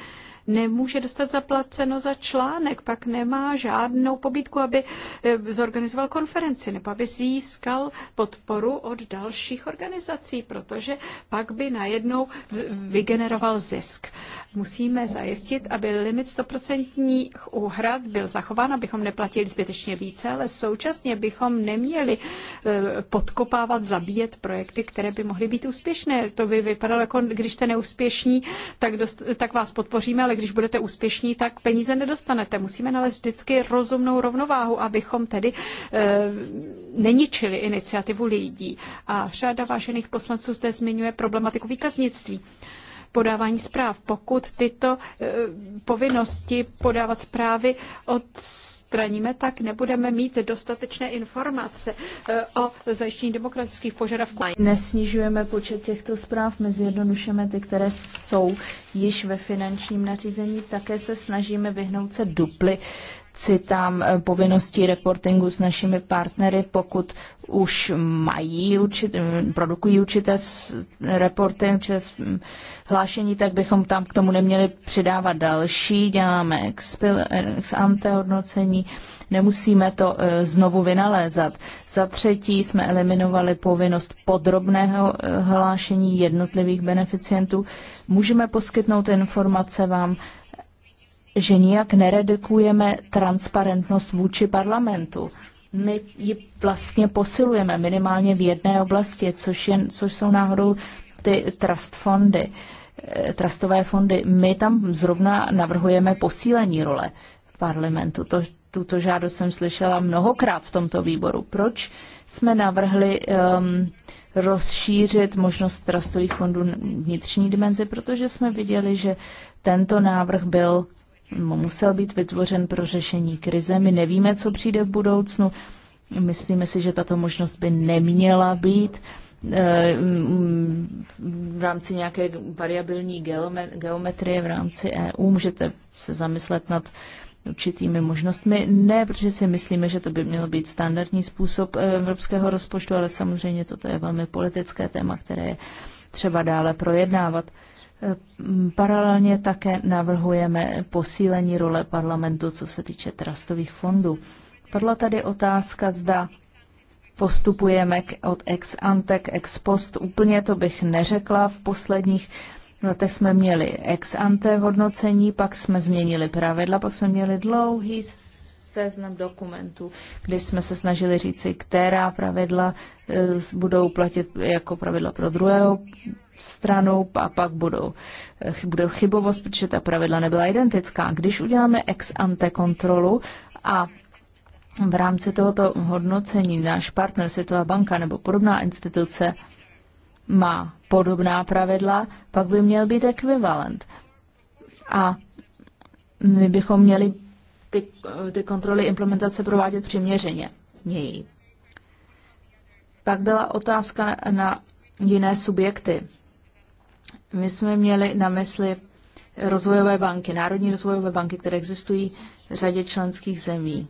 nemůže dostat zaplaceno za článek, pak nemá žádnou pobídku, aby eh, zorganizoval konferenci nebo aby získal podporu od dalších organizací, protože pak by najednou vygeneroval zisk. Musíme zajistit, aby limit 100% úhrad byl zachován, abychom neplatili zbytečně více, ale současně bychom neměli eh, podkopávat, zabíjet projekty, které by mohly být úspěšné. To by vypadalo jako, když jste neúspěšní, tak, dost, tak vás podpoříme, ale když budete úspěšní, tak peníze nedostanete. Musíme nalézt vždycky rozumnou rovnováhu, abychom tedy e, neničili iniciativu lidí. A řada vážených poslanců zde zmiňuje problematiku výkaznictví podávání zpráv. Pokud tyto e, povinnosti podávat zprávy odstraníme, tak nebudeme mít dostatečné informace e, o zajištění demokratických požadavků. Nesnižujeme počet těchto zpráv, my zjednodušujeme ty, které jsou již ve finančním nařízení, také se snažíme vyhnout se dupli si tam eh, povinnosti reportingu s našimi partnery, pokud už mají určité, eh, produkují určité reporty, přes hm, hlášení, tak bychom tam k tomu neměli přidávat další. Děláme ex eh, ante hodnocení, nemusíme to znovu vynalézat. Za třetí jsme eliminovali povinnost podrobného hlášení jednotlivých beneficientů. Můžeme poskytnout informace vám že nijak neredukujeme transparentnost vůči parlamentu. My ji vlastně posilujeme minimálně v jedné oblasti, což, je, což jsou náhodou ty trust fondy, eh, trustové fondy. My tam zrovna navrhujeme posílení role parlamentu. To, tuto žádost jsem slyšela mnohokrát v tomto výboru. Proč jsme navrhli um, rozšířit možnost trustových fondů vnitřní dimenzi? Protože jsme viděli, že tento návrh byl musel být vytvořen pro řešení krize. My nevíme, co přijde v budoucnu. Myslíme si, že tato možnost by neměla být eh, mm, v rámci nějaké variabilní geometrie v rámci EU. Můžete se zamyslet nad určitými možnostmi. Ne, protože si myslíme, že to by měl být standardní způsob eh, evropského rozpočtu, ale samozřejmě toto je velmi politické téma, které je třeba dále projednávat. Paralelně také navrhujeme posílení role parlamentu, co se týče trastových fondů. Padla tady otázka, zda postupujeme od ex ante k ex post. Úplně to bych neřekla. V posledních letech jsme měli ex ante hodnocení, pak jsme změnili pravidla, pak jsme měli dlouhý seznam dokumentů, kdy jsme se snažili říci, která pravidla eh, budou platit jako pravidla pro druhého stranu a pak budou, eh, budou chybovost, protože ta pravidla nebyla identická. Když uděláme ex ante kontrolu a v rámci tohoto hodnocení náš partner Světová banka nebo podobná instituce má podobná pravidla, pak by měl být ekvivalent. A my bychom měli ty, ty kontroly implementace provádět přiměřeně něj. Pak byla otázka na jiné subjekty. My jsme měli na mysli rozvojové banky, národní rozvojové banky, které existují v řadě členských zemí,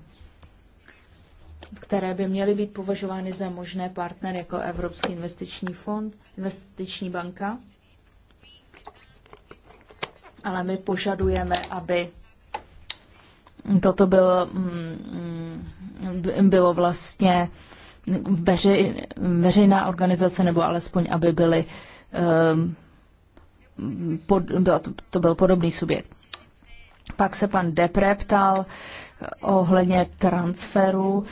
které by měly být považovány za možné partner jako Evropský investiční fond, investiční banka. Ale my požadujeme, aby toto bylo, mm, mm, bylo vlastně veřejná organizace, nebo alespoň, aby byly, ehm, to, to byl podobný subjekt. Pak se pan Depre ptal ohledně transferu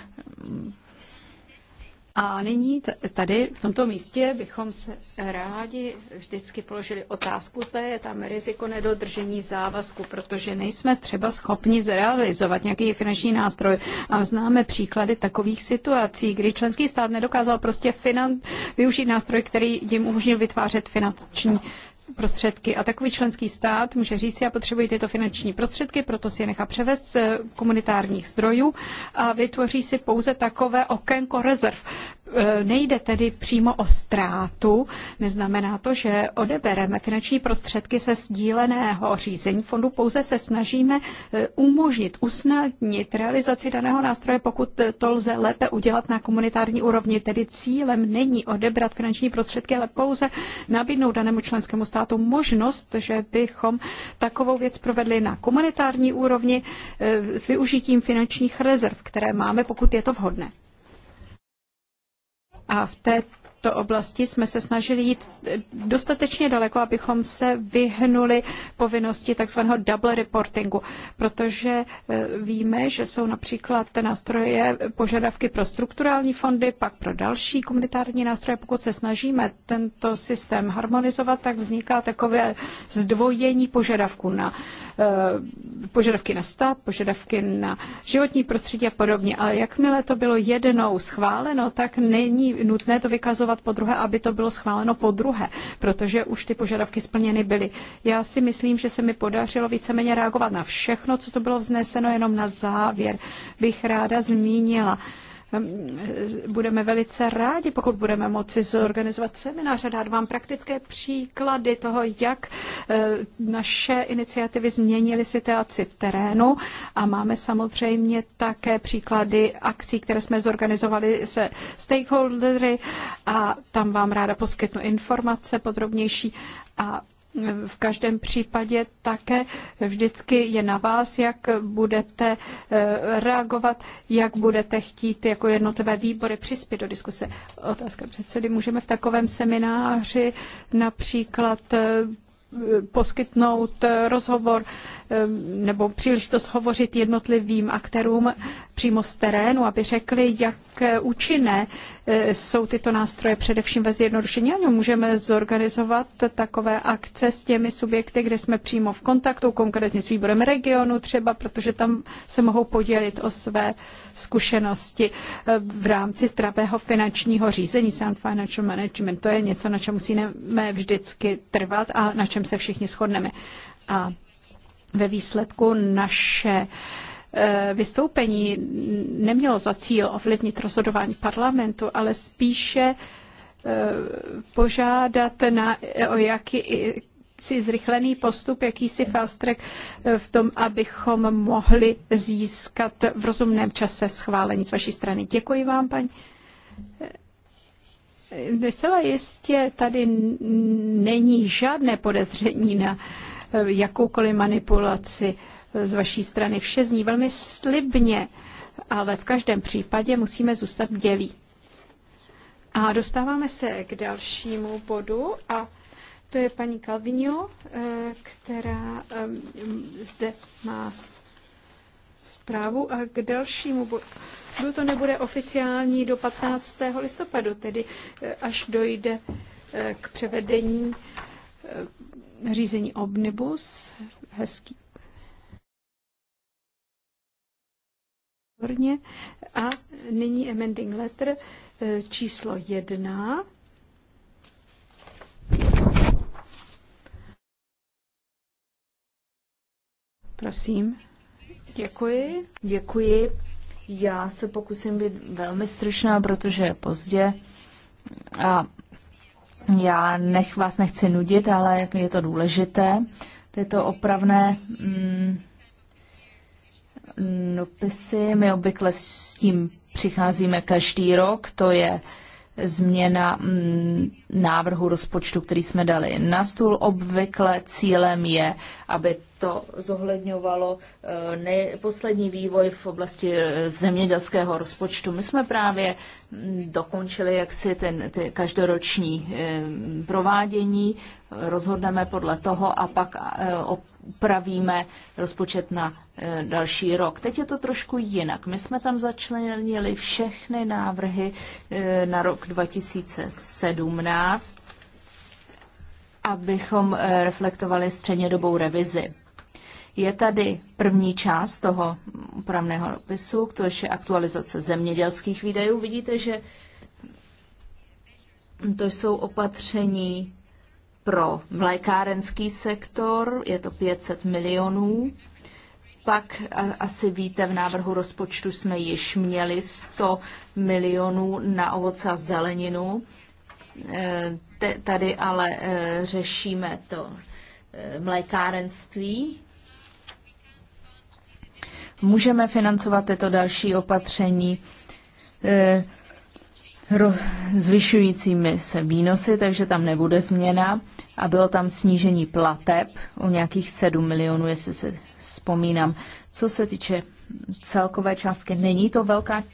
a nyní tady v tomto místě bychom se rádi vždycky položili otázku, zda je tam riziko nedodržení závazku, protože nejsme třeba schopni zrealizovat nějaký finanční nástroj. A známe příklady takových situací, kdy členský stát nedokázal prostě finan- využít nástroj, který jim umožnil vytvářet finanční prostředky. A takový členský stát může říct, já potřebuji tyto finanční prostředky, proto si je nechá převést z eh, komunitárních zdrojů a vytvoří si pouze takové okénko rezerv. Eh, nejde tedy přímo o ztrátu, neznamená to, že odebereme finanční prostředky se sdíleného řízení fondu, pouze se snažíme eh, umožnit, usnadnit realizaci daného nástroje, pokud to lze lépe udělat na komunitární úrovni. Tedy cílem není odebrat finanční prostředky, ale pouze nabídnout danému členskému státu státu možnost, že bychom takovou věc provedli na komunitární úrovni eh, s využitím finančních rezerv, které máme, pokud je to vhodné. A v této této oblasti jsme se snažili jít eh, dostatečně daleko, abychom se vyhnuli povinnosti tzv. double reportingu, protože eh, víme, že jsou například nástroje požadavky pro strukturální fondy, pak pro další komunitární nástroje. Pokud se snažíme tento systém harmonizovat, tak vzniká takové zdvojení požadavků na eh, požadavky na stát, požadavky na životní prostředí a podobně. Ale jakmile to bylo jednou schváleno, tak není nutné to vykazovat schvalovat po druhé, aby to bylo schváleno po druhé, protože už ty požadavky splněny byly. Já si myslím, že se mi podařilo víceméně reagovat na všechno, co to bylo vzneseno, jenom na závěr bych ráda zmínila Ehm, budeme velice rádi, pokud budeme moci zorganizovat seminář a dát vám praktické příklady toho, jak eh, naše iniciativy změnily situaci v terénu a máme samozřejmě také příklady akcí, které jsme zorganizovali se stakeholdery a tam vám ráda poskytnu informace podrobnější a v každém případě také vždycky je na vás, jak budete eh, reagovat, jak budete chtít jako jednotlivé výbory přispět do diskuse. Otázka předsedy. Můžeme v takovém semináři například eh, poskytnout eh, rozhovor eh, nebo příležitost hovořit jednotlivým aktérům přímo z terénu, aby řekli, jak eh, účinné jsou tyto nástroje především ve zjednodušení. Ano, můžeme zorganizovat takové akce s těmi subjekty, kde jsme přímo v kontaktu, konkrétně s výborem regionu třeba, protože tam se mohou podělit o své zkušenosti v rámci zdravého finančního řízení, sound financial management. To je něco, na čem musíme vždycky trvat a na čem čem se všichni shodneme. A ve výsledku naše eh, vystoupení nemělo za cíl ovlivnit rozhodování parlamentu, ale spíše eh, požádat na, o jaký si zrychlený postup, jakýsi fast track eh, v tom, abychom mohli získat v rozumném čase schválení z vaší strany. Děkuji vám, paní Zcela jistě tady není žádné podezření na eh, jakoukoliv manipulaci z vaší strany. Vše zní velmi slibně, ale v každém případě musíme zůstat dělí. A dostáváme se k dalšímu bodu a to je paní Calvino, eh, která eh, zde má zprávu a k dalšímu bodu to nebude oficiální do 15. listopadu, tedy eh, až dojde eh, k převedení eh, řízení Omnibus. Hezký. A nyní amending letter číslo jedna. Prosím. Děkuji. Děkuji. Já se pokusím být velmi stručná, protože je pozdě. A já nech, vás nechci nudit, ale je to důležité. to opravné mm, dopisy, my obvykle s tím přicházíme každý rok, to je změna mm, návrhu rozpočtu, který jsme dali na stůl. Obvykle cílem je, aby to zohledňovalo eh, poslední vývoj v oblasti eh, zemědělského rozpočtu. My jsme právě mm, dokončili jaksi ten, ty každoroční eh, provádění, rozhodneme podle toho a pak upravíme rozpočet na další rok. Teď je to trošku jinak. My jsme tam začlenili všechny návrhy na rok 2017, abychom reflektovali střednědobou revizi. Je tady první část toho upravného dopisu, což je aktualizace zemědělských výdajů. Vidíte, že to jsou opatření pro mlékárenský sektor, je to 500 milionů. Pak asi víte, v návrhu rozpočtu jsme již měli 100 milionů na ovoce a zeleninu. Eh, tady ale eh, řešíme to eh, mlékárenství, Můžeme financovat tyto další opatření eh, zvyšujícími se výnosy, takže tam nebude změna a bylo tam snížení plateb o nějakých 7 milionů, jestli se vzpomínám. Co se týče celkové částky, není to velká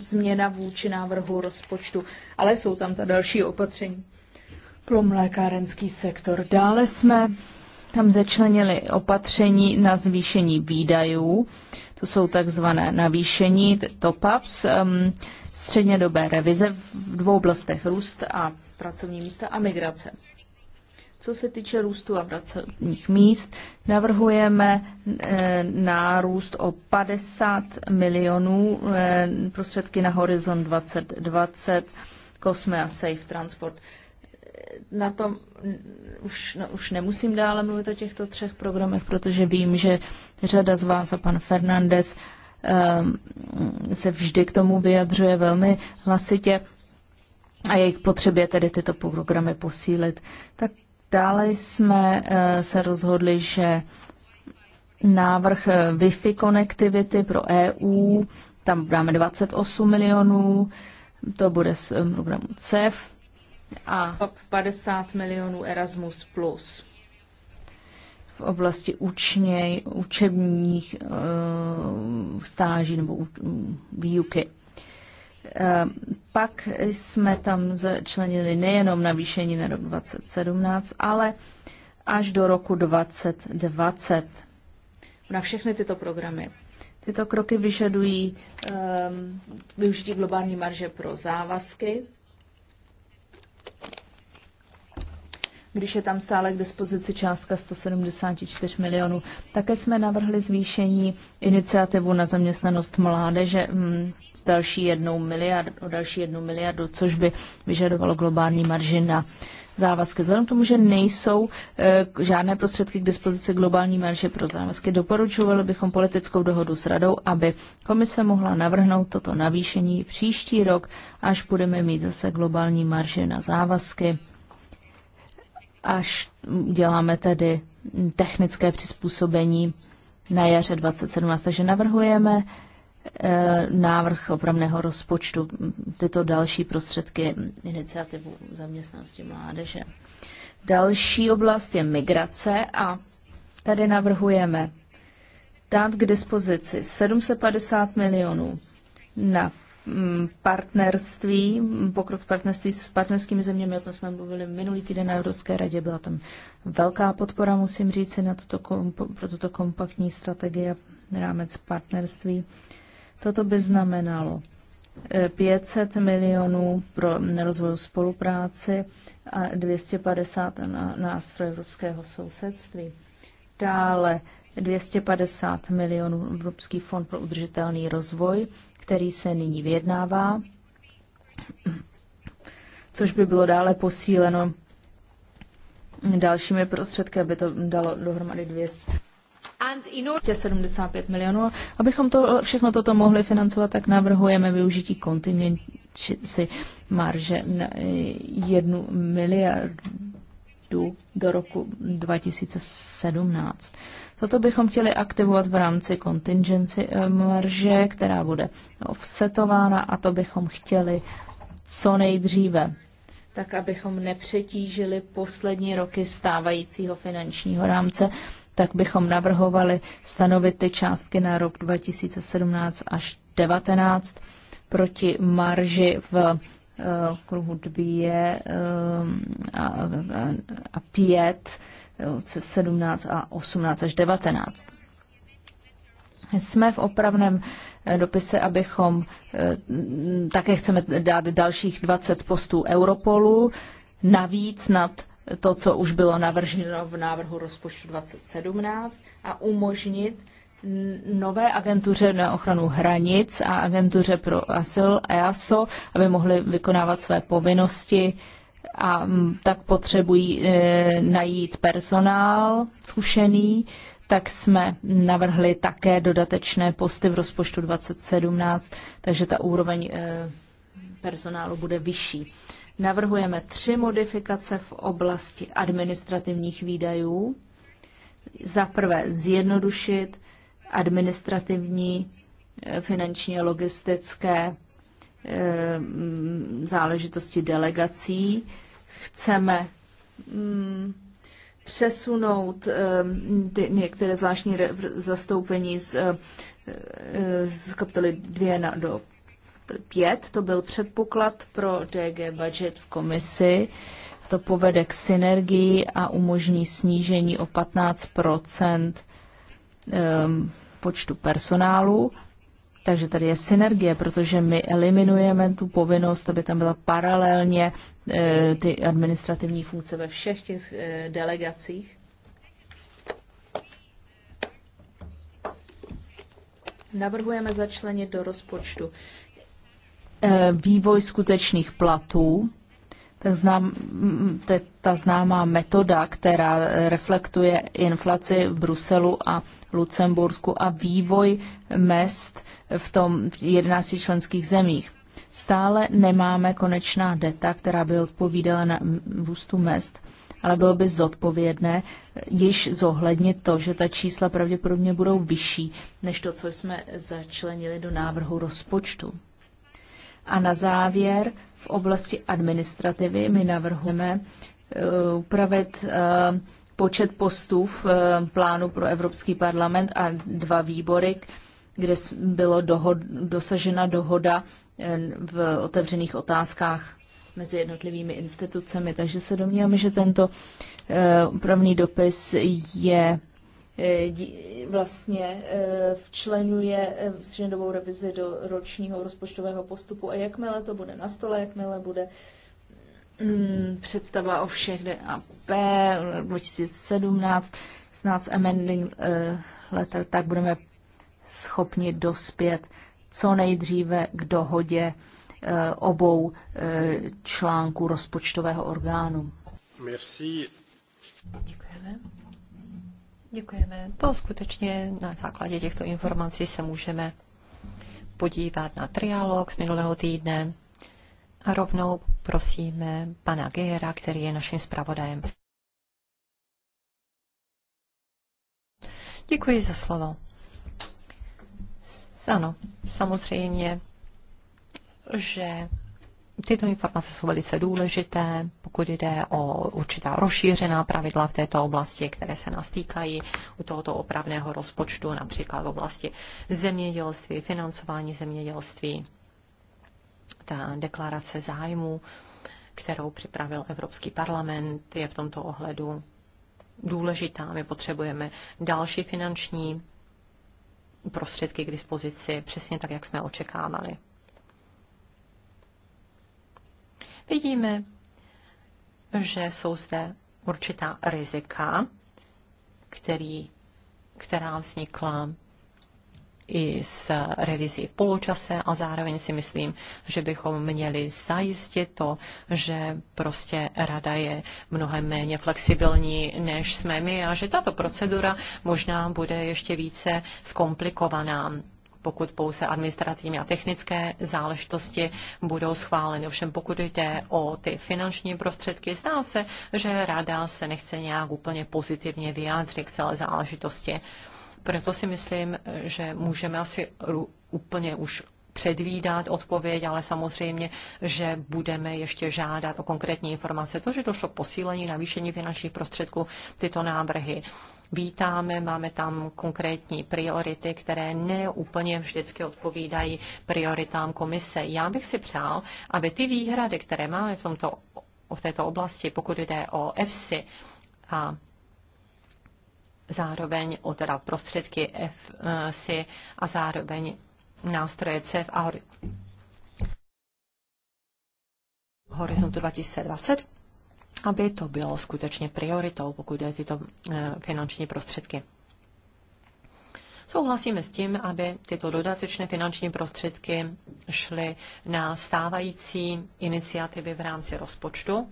změna vůči návrhu rozpočtu, ale jsou tam ta další opatření pro mlékárenský sektor. Dále jsme tam začlenili opatření na zvýšení výdajů, to jsou takzvané navýšení top-ups, um, střednědobé revize v dvou oblastech růst a pracovní místa a migrace. Co se týče růstu a pracovních míst, navrhujeme e, nárůst o 50 milionů e, prostředky na horizont 2020, Cosme a Safe Transport na tom mm, už, no, už nemusím dále mluvit o těchto třech programech, protože vím, že řada z vás a pan Fernandez ehm, se vždy k tomu vyjadřuje velmi hlasitě a jejich potřebě tedy tyto programy posílit. Tak dále jsme eh, se rozhodli, že návrh eh, Wi-Fi konektivity pro EU, tam dáme 28 milionů, to bude z eh, programu CEF, a 50 milionů Erasmus+. Plus v oblasti učněj, učebních eh, stáží nebo výuky. Eh, pak jsme tam začlenili nejenom navýšení na rok 2017, ale až do roku 2020 na všechny tyto programy. Tyto kroky vyžadují um, využití globální marže pro závazky, když je tam stále k dispozici částka 174 milionů. Také jsme navrhli zvýšení iniciativu na zaměstnanost mládeže s mm, další jednou miliard, o další jednu miliardu, což by vyžadovalo globální marži na závazky. Vzhledem k tomu, že nejsou eh, žádné prostředky k dispozici globální marže pro závazky, doporučovali bychom politickou dohodu s radou, aby komise mohla navrhnout toto navýšení příští rok, až budeme mít zase globální marže na závazky až děláme tedy technické přizpůsobení na jaře 2017. Takže navrhujeme Eh, návrh opravného rozpočtu, tyto další prostředky iniciativu zaměstnanosti mládeže. Další oblast je migrace a tady navrhujeme dát k dispozici 750 milionů na mm, partnerství, pokrok partnerství s partnerskými zeměmi, o tom jsme mluvili minulý týden na Evropské radě, byla tam velká podpora, musím říct, na tuto, pro tuto kompaktní strategii rámec partnerství. Toto by znamenalo 500 eh, milionů pro rozvoj spolupráci a 250 na nástroj evropského sousedství. Dále 250 milionů Evropský fond pro udržitelný rozvoj, který se nyní vyjednává, což by bylo dále posíleno dalšími prostředky, aby to dalo dohromady 200 75 milionů. Abychom to, všechno toto mohli financovat, tak navrhujeme využití kontingenci marže na eh, jednu miliardu do roku 2017. Toto bychom chtěli aktivovat v rámci kontingenci eh, marže, která bude offsetována a to bychom chtěli co nejdříve tak abychom nepřetížili poslední roky stávajícího finančního rámce tak bychom navrhovali stanovit ty částky na rok 2017 až 2019 proti marži v eh, kruhu 2 eh, a 5, 17 a 18 eh, až 19. Jsme v opravném dopise, abychom také chceme dát dalších 20 postů Europolu, navíc nad to, co už bylo navrženo v návrhu rozpočtu 2017 a umožnit nové agentuře na ochranu hranic a agentuře pro asyl EASO, aby mohly vykonávat své povinnosti a tak potřebují e, najít personál zkušený, tak jsme navrhli také dodatečné posty v rozpočtu 2017, takže ta úroveň e, personálu bude vyšší. E, Navrhujeme tři modifikace v oblasti administrativních výdajů. Za prvé zjednodušit administrativní, eh, finančně logistické eh, mm, záležitosti delegací. Chceme mm, přesunout eh, některé zvláštní zastoupení z, z kapitoly 2 na, do 5, to byl předpoklad pro DG budget v komisi. To povede k synergii a umožní snížení o 15 ehm, počtu personálu. Takže tady je synergie, protože my eliminujeme tu povinnost, aby tam byla paralelně eh, ty administrativní funkce ve všech těch eh, delegacích. Navrhujeme začlenit do rozpočtu Eh, vývoj skutečných platů, tak znám, je mm, ta známá metoda, která reflektuje inflaci v Bruselu a Lucembursku a vývoj mest v tom 11 členských zemích. Stále nemáme konečná data, která by odpovídala na mm, růstu mest, ale bylo by zodpovědné eh, již zohlednit to, že ta čísla pravděpodobně budou vyšší než to, co jsme začlenili do návrhu rozpočtu. A na závěr v oblasti administrativy my navrhujeme eh, upravit eh, počet postů v eh, plánu pro Evropský parlament a dva výbory, kde bylo dohod, dosažena dohoda v otevřených otázkách mezi jednotlivými institucemi. Takže se domníváme, že tento upravný dopis je Eh, vlastně eh, včlenuje eh, střednědobou revizi do ročního rozpočtového postupu a jakmile to bude na stole, jakmile bude mm, představa o všech DAP 2017, 16 amending letter, tak budeme schopni dospět co nejdříve k dohodě obou článků rozpočtového orgánu. Merci. Děkujeme. Děkujeme. To skutečně na základě těchto informací se můžeme podívat na trialog z minulého týdne. A rovnou prosíme pana Gejera, který je naším zpravodajem. Děkuji za slovo. Ano, samozřejmě, že Tyto informace jsou velice důležité, pokud jde o určitá rozšířená pravidla v této oblasti, které se nás týkají u tohoto opravného rozpočtu, například v oblasti zemědělství, financování zemědělství, ta deklarace zájmu, kterou připravil Evropský parlament, je v tomto ohledu důležitá. My potřebujeme další finanční prostředky k dispozici, přesně tak, jak jsme očekávali. vidíme, že jsou zde určitá rizika, který, která vznikla i s revizí v poločase a zároveň si myslím, že bychom měli zajistit to, že prostě rada je mnohem méně flexibilní, než jsme my a že tato procedura možná bude ještě více zkomplikovaná pokud pouze administrativní a technické záležitosti budou schváleny. Ovšem pokud jde o ty finanční prostředky, zdá se, že rada se nechce nějak úplně pozitivně vyjádřit k celé záležitosti. Proto si myslím, že můžeme asi úplně už předvídat odpověď, ale samozřejmě, že budeme ještě žádat o konkrétní informace. To, že došlo k posílení, navýšení finančních prostředků, tyto návrhy vítáme, máme tam konkrétní priority, které neúplně vždycky odpovídají prioritám komise. Já bych si přál, aby ty výhrady, které máme v, tomto, v této oblasti, pokud jde o EFSI a zároveň o teda prostředky EFSI a zároveň nástroje CEF a horizontu 2020, aby to bylo skutečně prioritou, pokud jde tyto eh, finanční prostředky. Souhlasíme s tím, aby tyto dodatečné finanční prostředky šly na stávající iniciativy v rámci rozpočtu,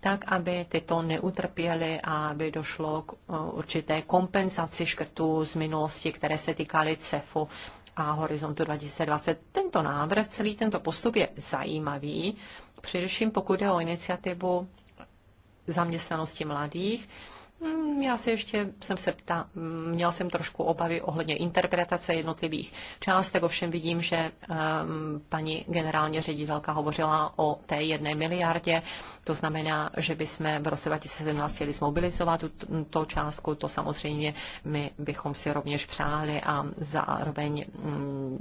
tak aby tyto neutrpěly a aby došlo k eh, určité kompenzaci škrtů z minulosti, které se týkaly CEFu a Horizontu 2020. Tento návrh, celý tento postup je zajímavý, především pokud jde o iniciativu zaměstnanosti mladých. Hmm, já si ještě jsem se ptá, hmm, měl jsem trošku obavy ohledně interpretace jednotlivých částek, ovšem vidím, že um, paní generálně ředitelka hovořila o té jedné miliardě, to znamená, že bychom v roce 2017 chtěli zmobilizovat tuto částku, to samozřejmě my bychom si rovněž přáli a zároveň um,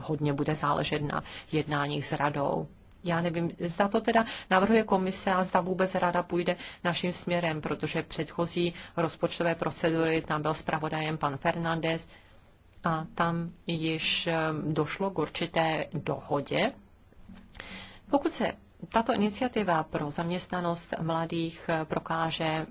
hodně bude záležet na jednáních s radou. Já nevím, zda to teda navrhuje komise a zda vůbec rada půjde naším směrem, protože předchozí rozpočtové procedury, tam byl zpravodajem pan Fernandez a tam již eh, došlo k určité dohodě. Pokud se tato iniciativa pro zaměstnanost mladých prokáže eh,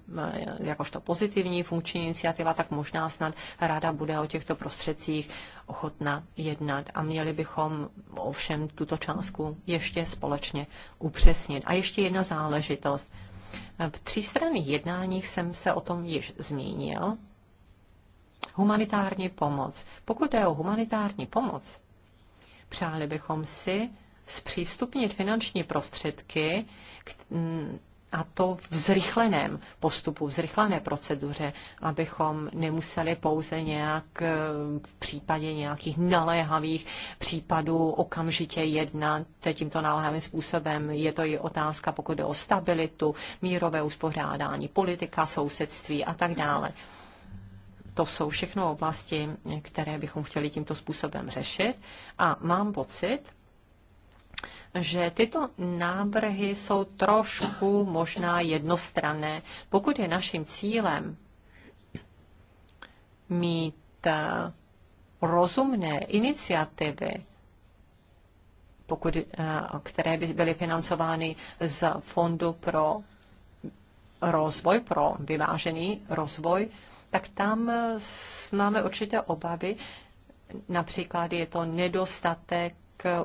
jakožto pozitivní funkční iniciativa, tak možná snad ráda bude o těchto prostředcích ochotna jednat a měli bychom ovšem tuto částku ještě společně upřesnit. A ještě jedna záležitost. V třístranných jednáních jsem se o tom již zmínil. Humanitární pomoc. Pokud je o humanitární pomoc, přáli bychom si, zpřístupnit finanční prostředky a to v zrychleném postupu, v zrychlené proceduře, abychom nemuseli pouze nějak eh, v případě nějakých naléhavých případů okamžitě jednat tímto naléhavým způsobem. Je to i otázka, pokud jde o stabilitu, mírové uspořádání, politika, sousedství a tak dále. To jsou všechno oblasti, které bychom chtěli tímto způsobem řešit a mám pocit, že tyto návrhy jsou trošku možná jednostranné. Pokud je naším cílem mít eh, rozumné iniciativy, pokud, eh, které by byly financovány z Fondu pro rozvoj, pro vyvážený rozvoj, tak tam eh, máme určitě obavy. Například je to nedostatek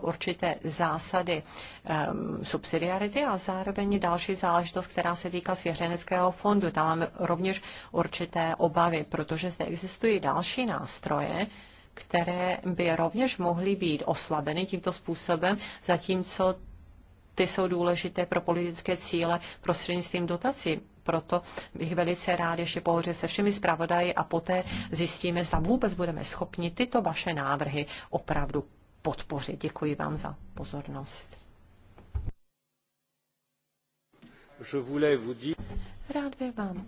určité zásady um, subsidiarity a zároveň další záležitost, která se týká svěřeneckého fondu. Tam máme rovněž určité obavy, protože zde existují další nástroje, které by rovněž mohly být oslabeny tímto způsobem, zatímco ty jsou důležité pro politické cíle prostřednictvím dotací. Proto bych velice rád ještě pohořil se všemi zpravodaji a poté zjistíme, zda vůbec budeme schopni tyto vaše návrhy opravdu podpořit. Děkuji vám za pozornost. Rád bych vám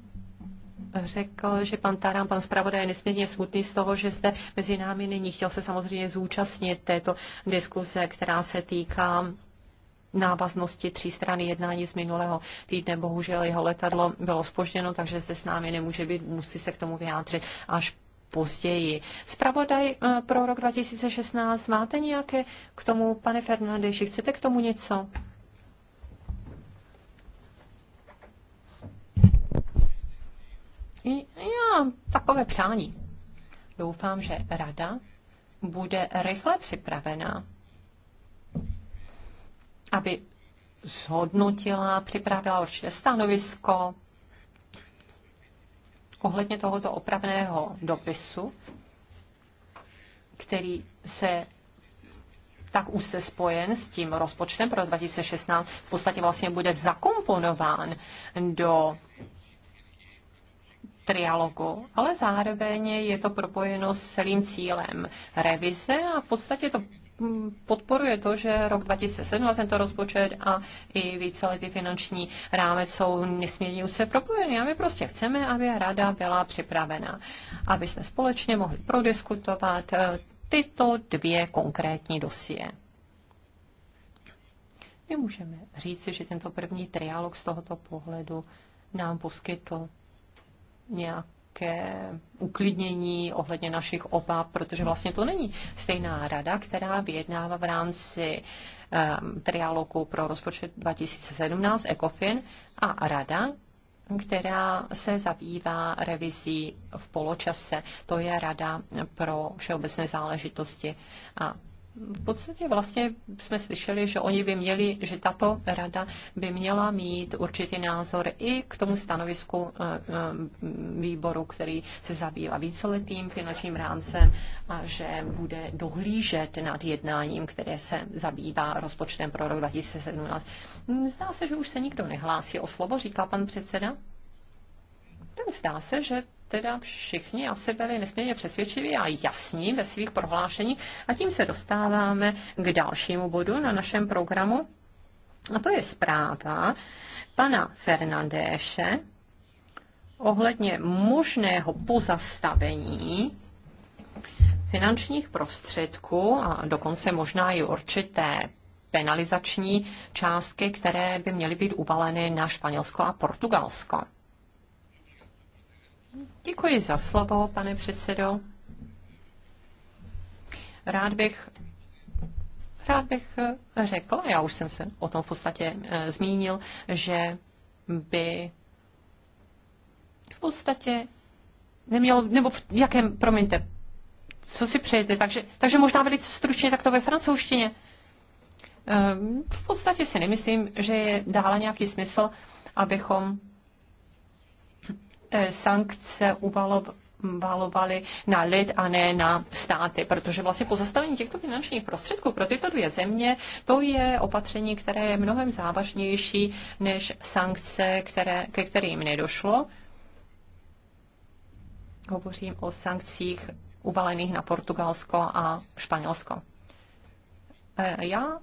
řekl, že pan Tarán, pan zpravodaj je nesmírně smutný z toho, že jste mezi námi nyní. Chtěl se samozřejmě zúčastnit této diskuze, která se týká návaznosti tří strany jednání z minulého týdne. Bohužel jeho letadlo bylo spožděno, takže zde s námi nemůže být, musí se k tomu vyjádřit až později. Zpravodaj eh, pro rok 2016, máte nějaké k tomu, pane Fernandeši, chcete k tomu něco? Já takové přání. Doufám, že rada bude rychle připravená, aby zhodnotila, připravila určité stanovisko, ohledně tohoto opravného dopisu, který se tak už se spojen s tím rozpočtem pro 2016, v podstatě vlastně bude zakomponován do trialogu, ale zároveň je to propojeno s celým cílem revize a v podstatě to podporuje to, že rok 2017 tento rozpočet a i víceletý finanční rámec jsou nesmírně se propojeny a my prostě chceme, aby rada byla připravena, aby jsme společně mohli prodiskutovat eh, tyto dvě konkrétní dosie. My můžeme říci, že tento první trialog z tohoto pohledu nám poskytl nějak nějaké uklidnění ohledně našich obav, protože vlastně to není stejná rada, která vyjednává v rámci um, trialogu pro rozpočet 2017 ECOFIN a rada, která se zabývá revizí v poločase. To je Rada pro všeobecné záležitosti. A v podstatě vlastně jsme slyšeli, že oni by měli, že tato rada by měla mít určitý názor i k tomu stanovisku eh, eh, výboru, který se zabývá víceletým finančním rámcem a že bude dohlížet nad jednáním, které se zabývá rozpočtem pro rok 2017. Zdá se, že už se nikdo nehlásí o slovo, říká pan předseda tak zdá se, že teda všichni asi byli nesmírně přesvědčiví a jasní ve svých prohlášeních. A tím se dostáváme k dalšímu bodu na našem programu. A to je zpráva pana Fernandéše ohledně možného pozastavení finančních prostředků a dokonce možná i určité penalizační částky, které by měly být uvaleny na Španělsko a Portugalsko. Děkuji za slovo, pane předsedo. Rád bych, rád bych řekl, já už jsem se o tom v podstatě eh, zmínil, že by v podstatě neměl, nebo v jakém, promiňte, co si přejete, takže, takže možná velice stručně takto ve francouzštině. Eh, v podstatě si nemyslím, že je dále nějaký smysl, abychom E, sankce uvalovaly na lid a ne na státy, protože vlastně pozastavení těchto finančních prostředků pro tyto dvě země, to je opatření, které je mnohem závažnější než sankce, které, ke kterým nedošlo. Hovořím o sankcích uvalených na Portugalsko a Španělsko. E, já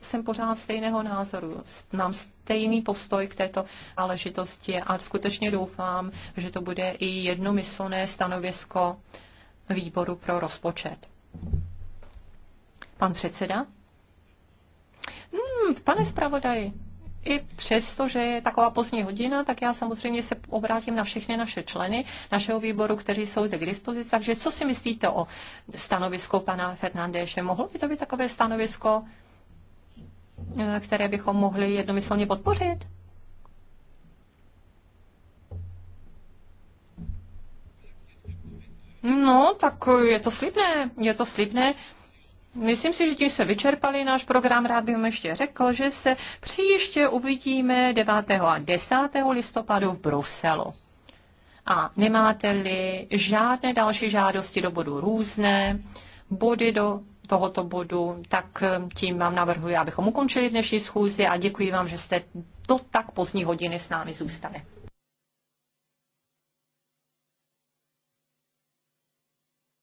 jsem pořád stejného názoru. Mám stejný postoj k této záležitosti a skutečně doufám, že to bude i jednomyslné stanovisko výboru pro rozpočet. Pan předseda? Hmm, pane zpravodaji, i přesto, že je taková pozdní hodina, tak já samozřejmě se obrátím na všechny naše členy našeho výboru, kteří jsou teď k dispozici. Takže co si myslíte o stanovisku pana Fernandéše? Mohlo by to být takové stanovisko, Eh, které bychom mohli jednomyslně podpořit? No, tak je to slibné, je to slibné. Myslím si, že tím jsme vyčerpali náš program. Rád bych ještě řekl, že se příště uvidíme 9. a 10. listopadu v Bruselu. A nemáte-li žádné další žádosti do bodu různé, body do tohoto bodu, tak eh, tím vám navrhuji, abychom ukončili dnešní schůzi a děkuji vám, že jste do tak pozdní hodiny s námi zůstali.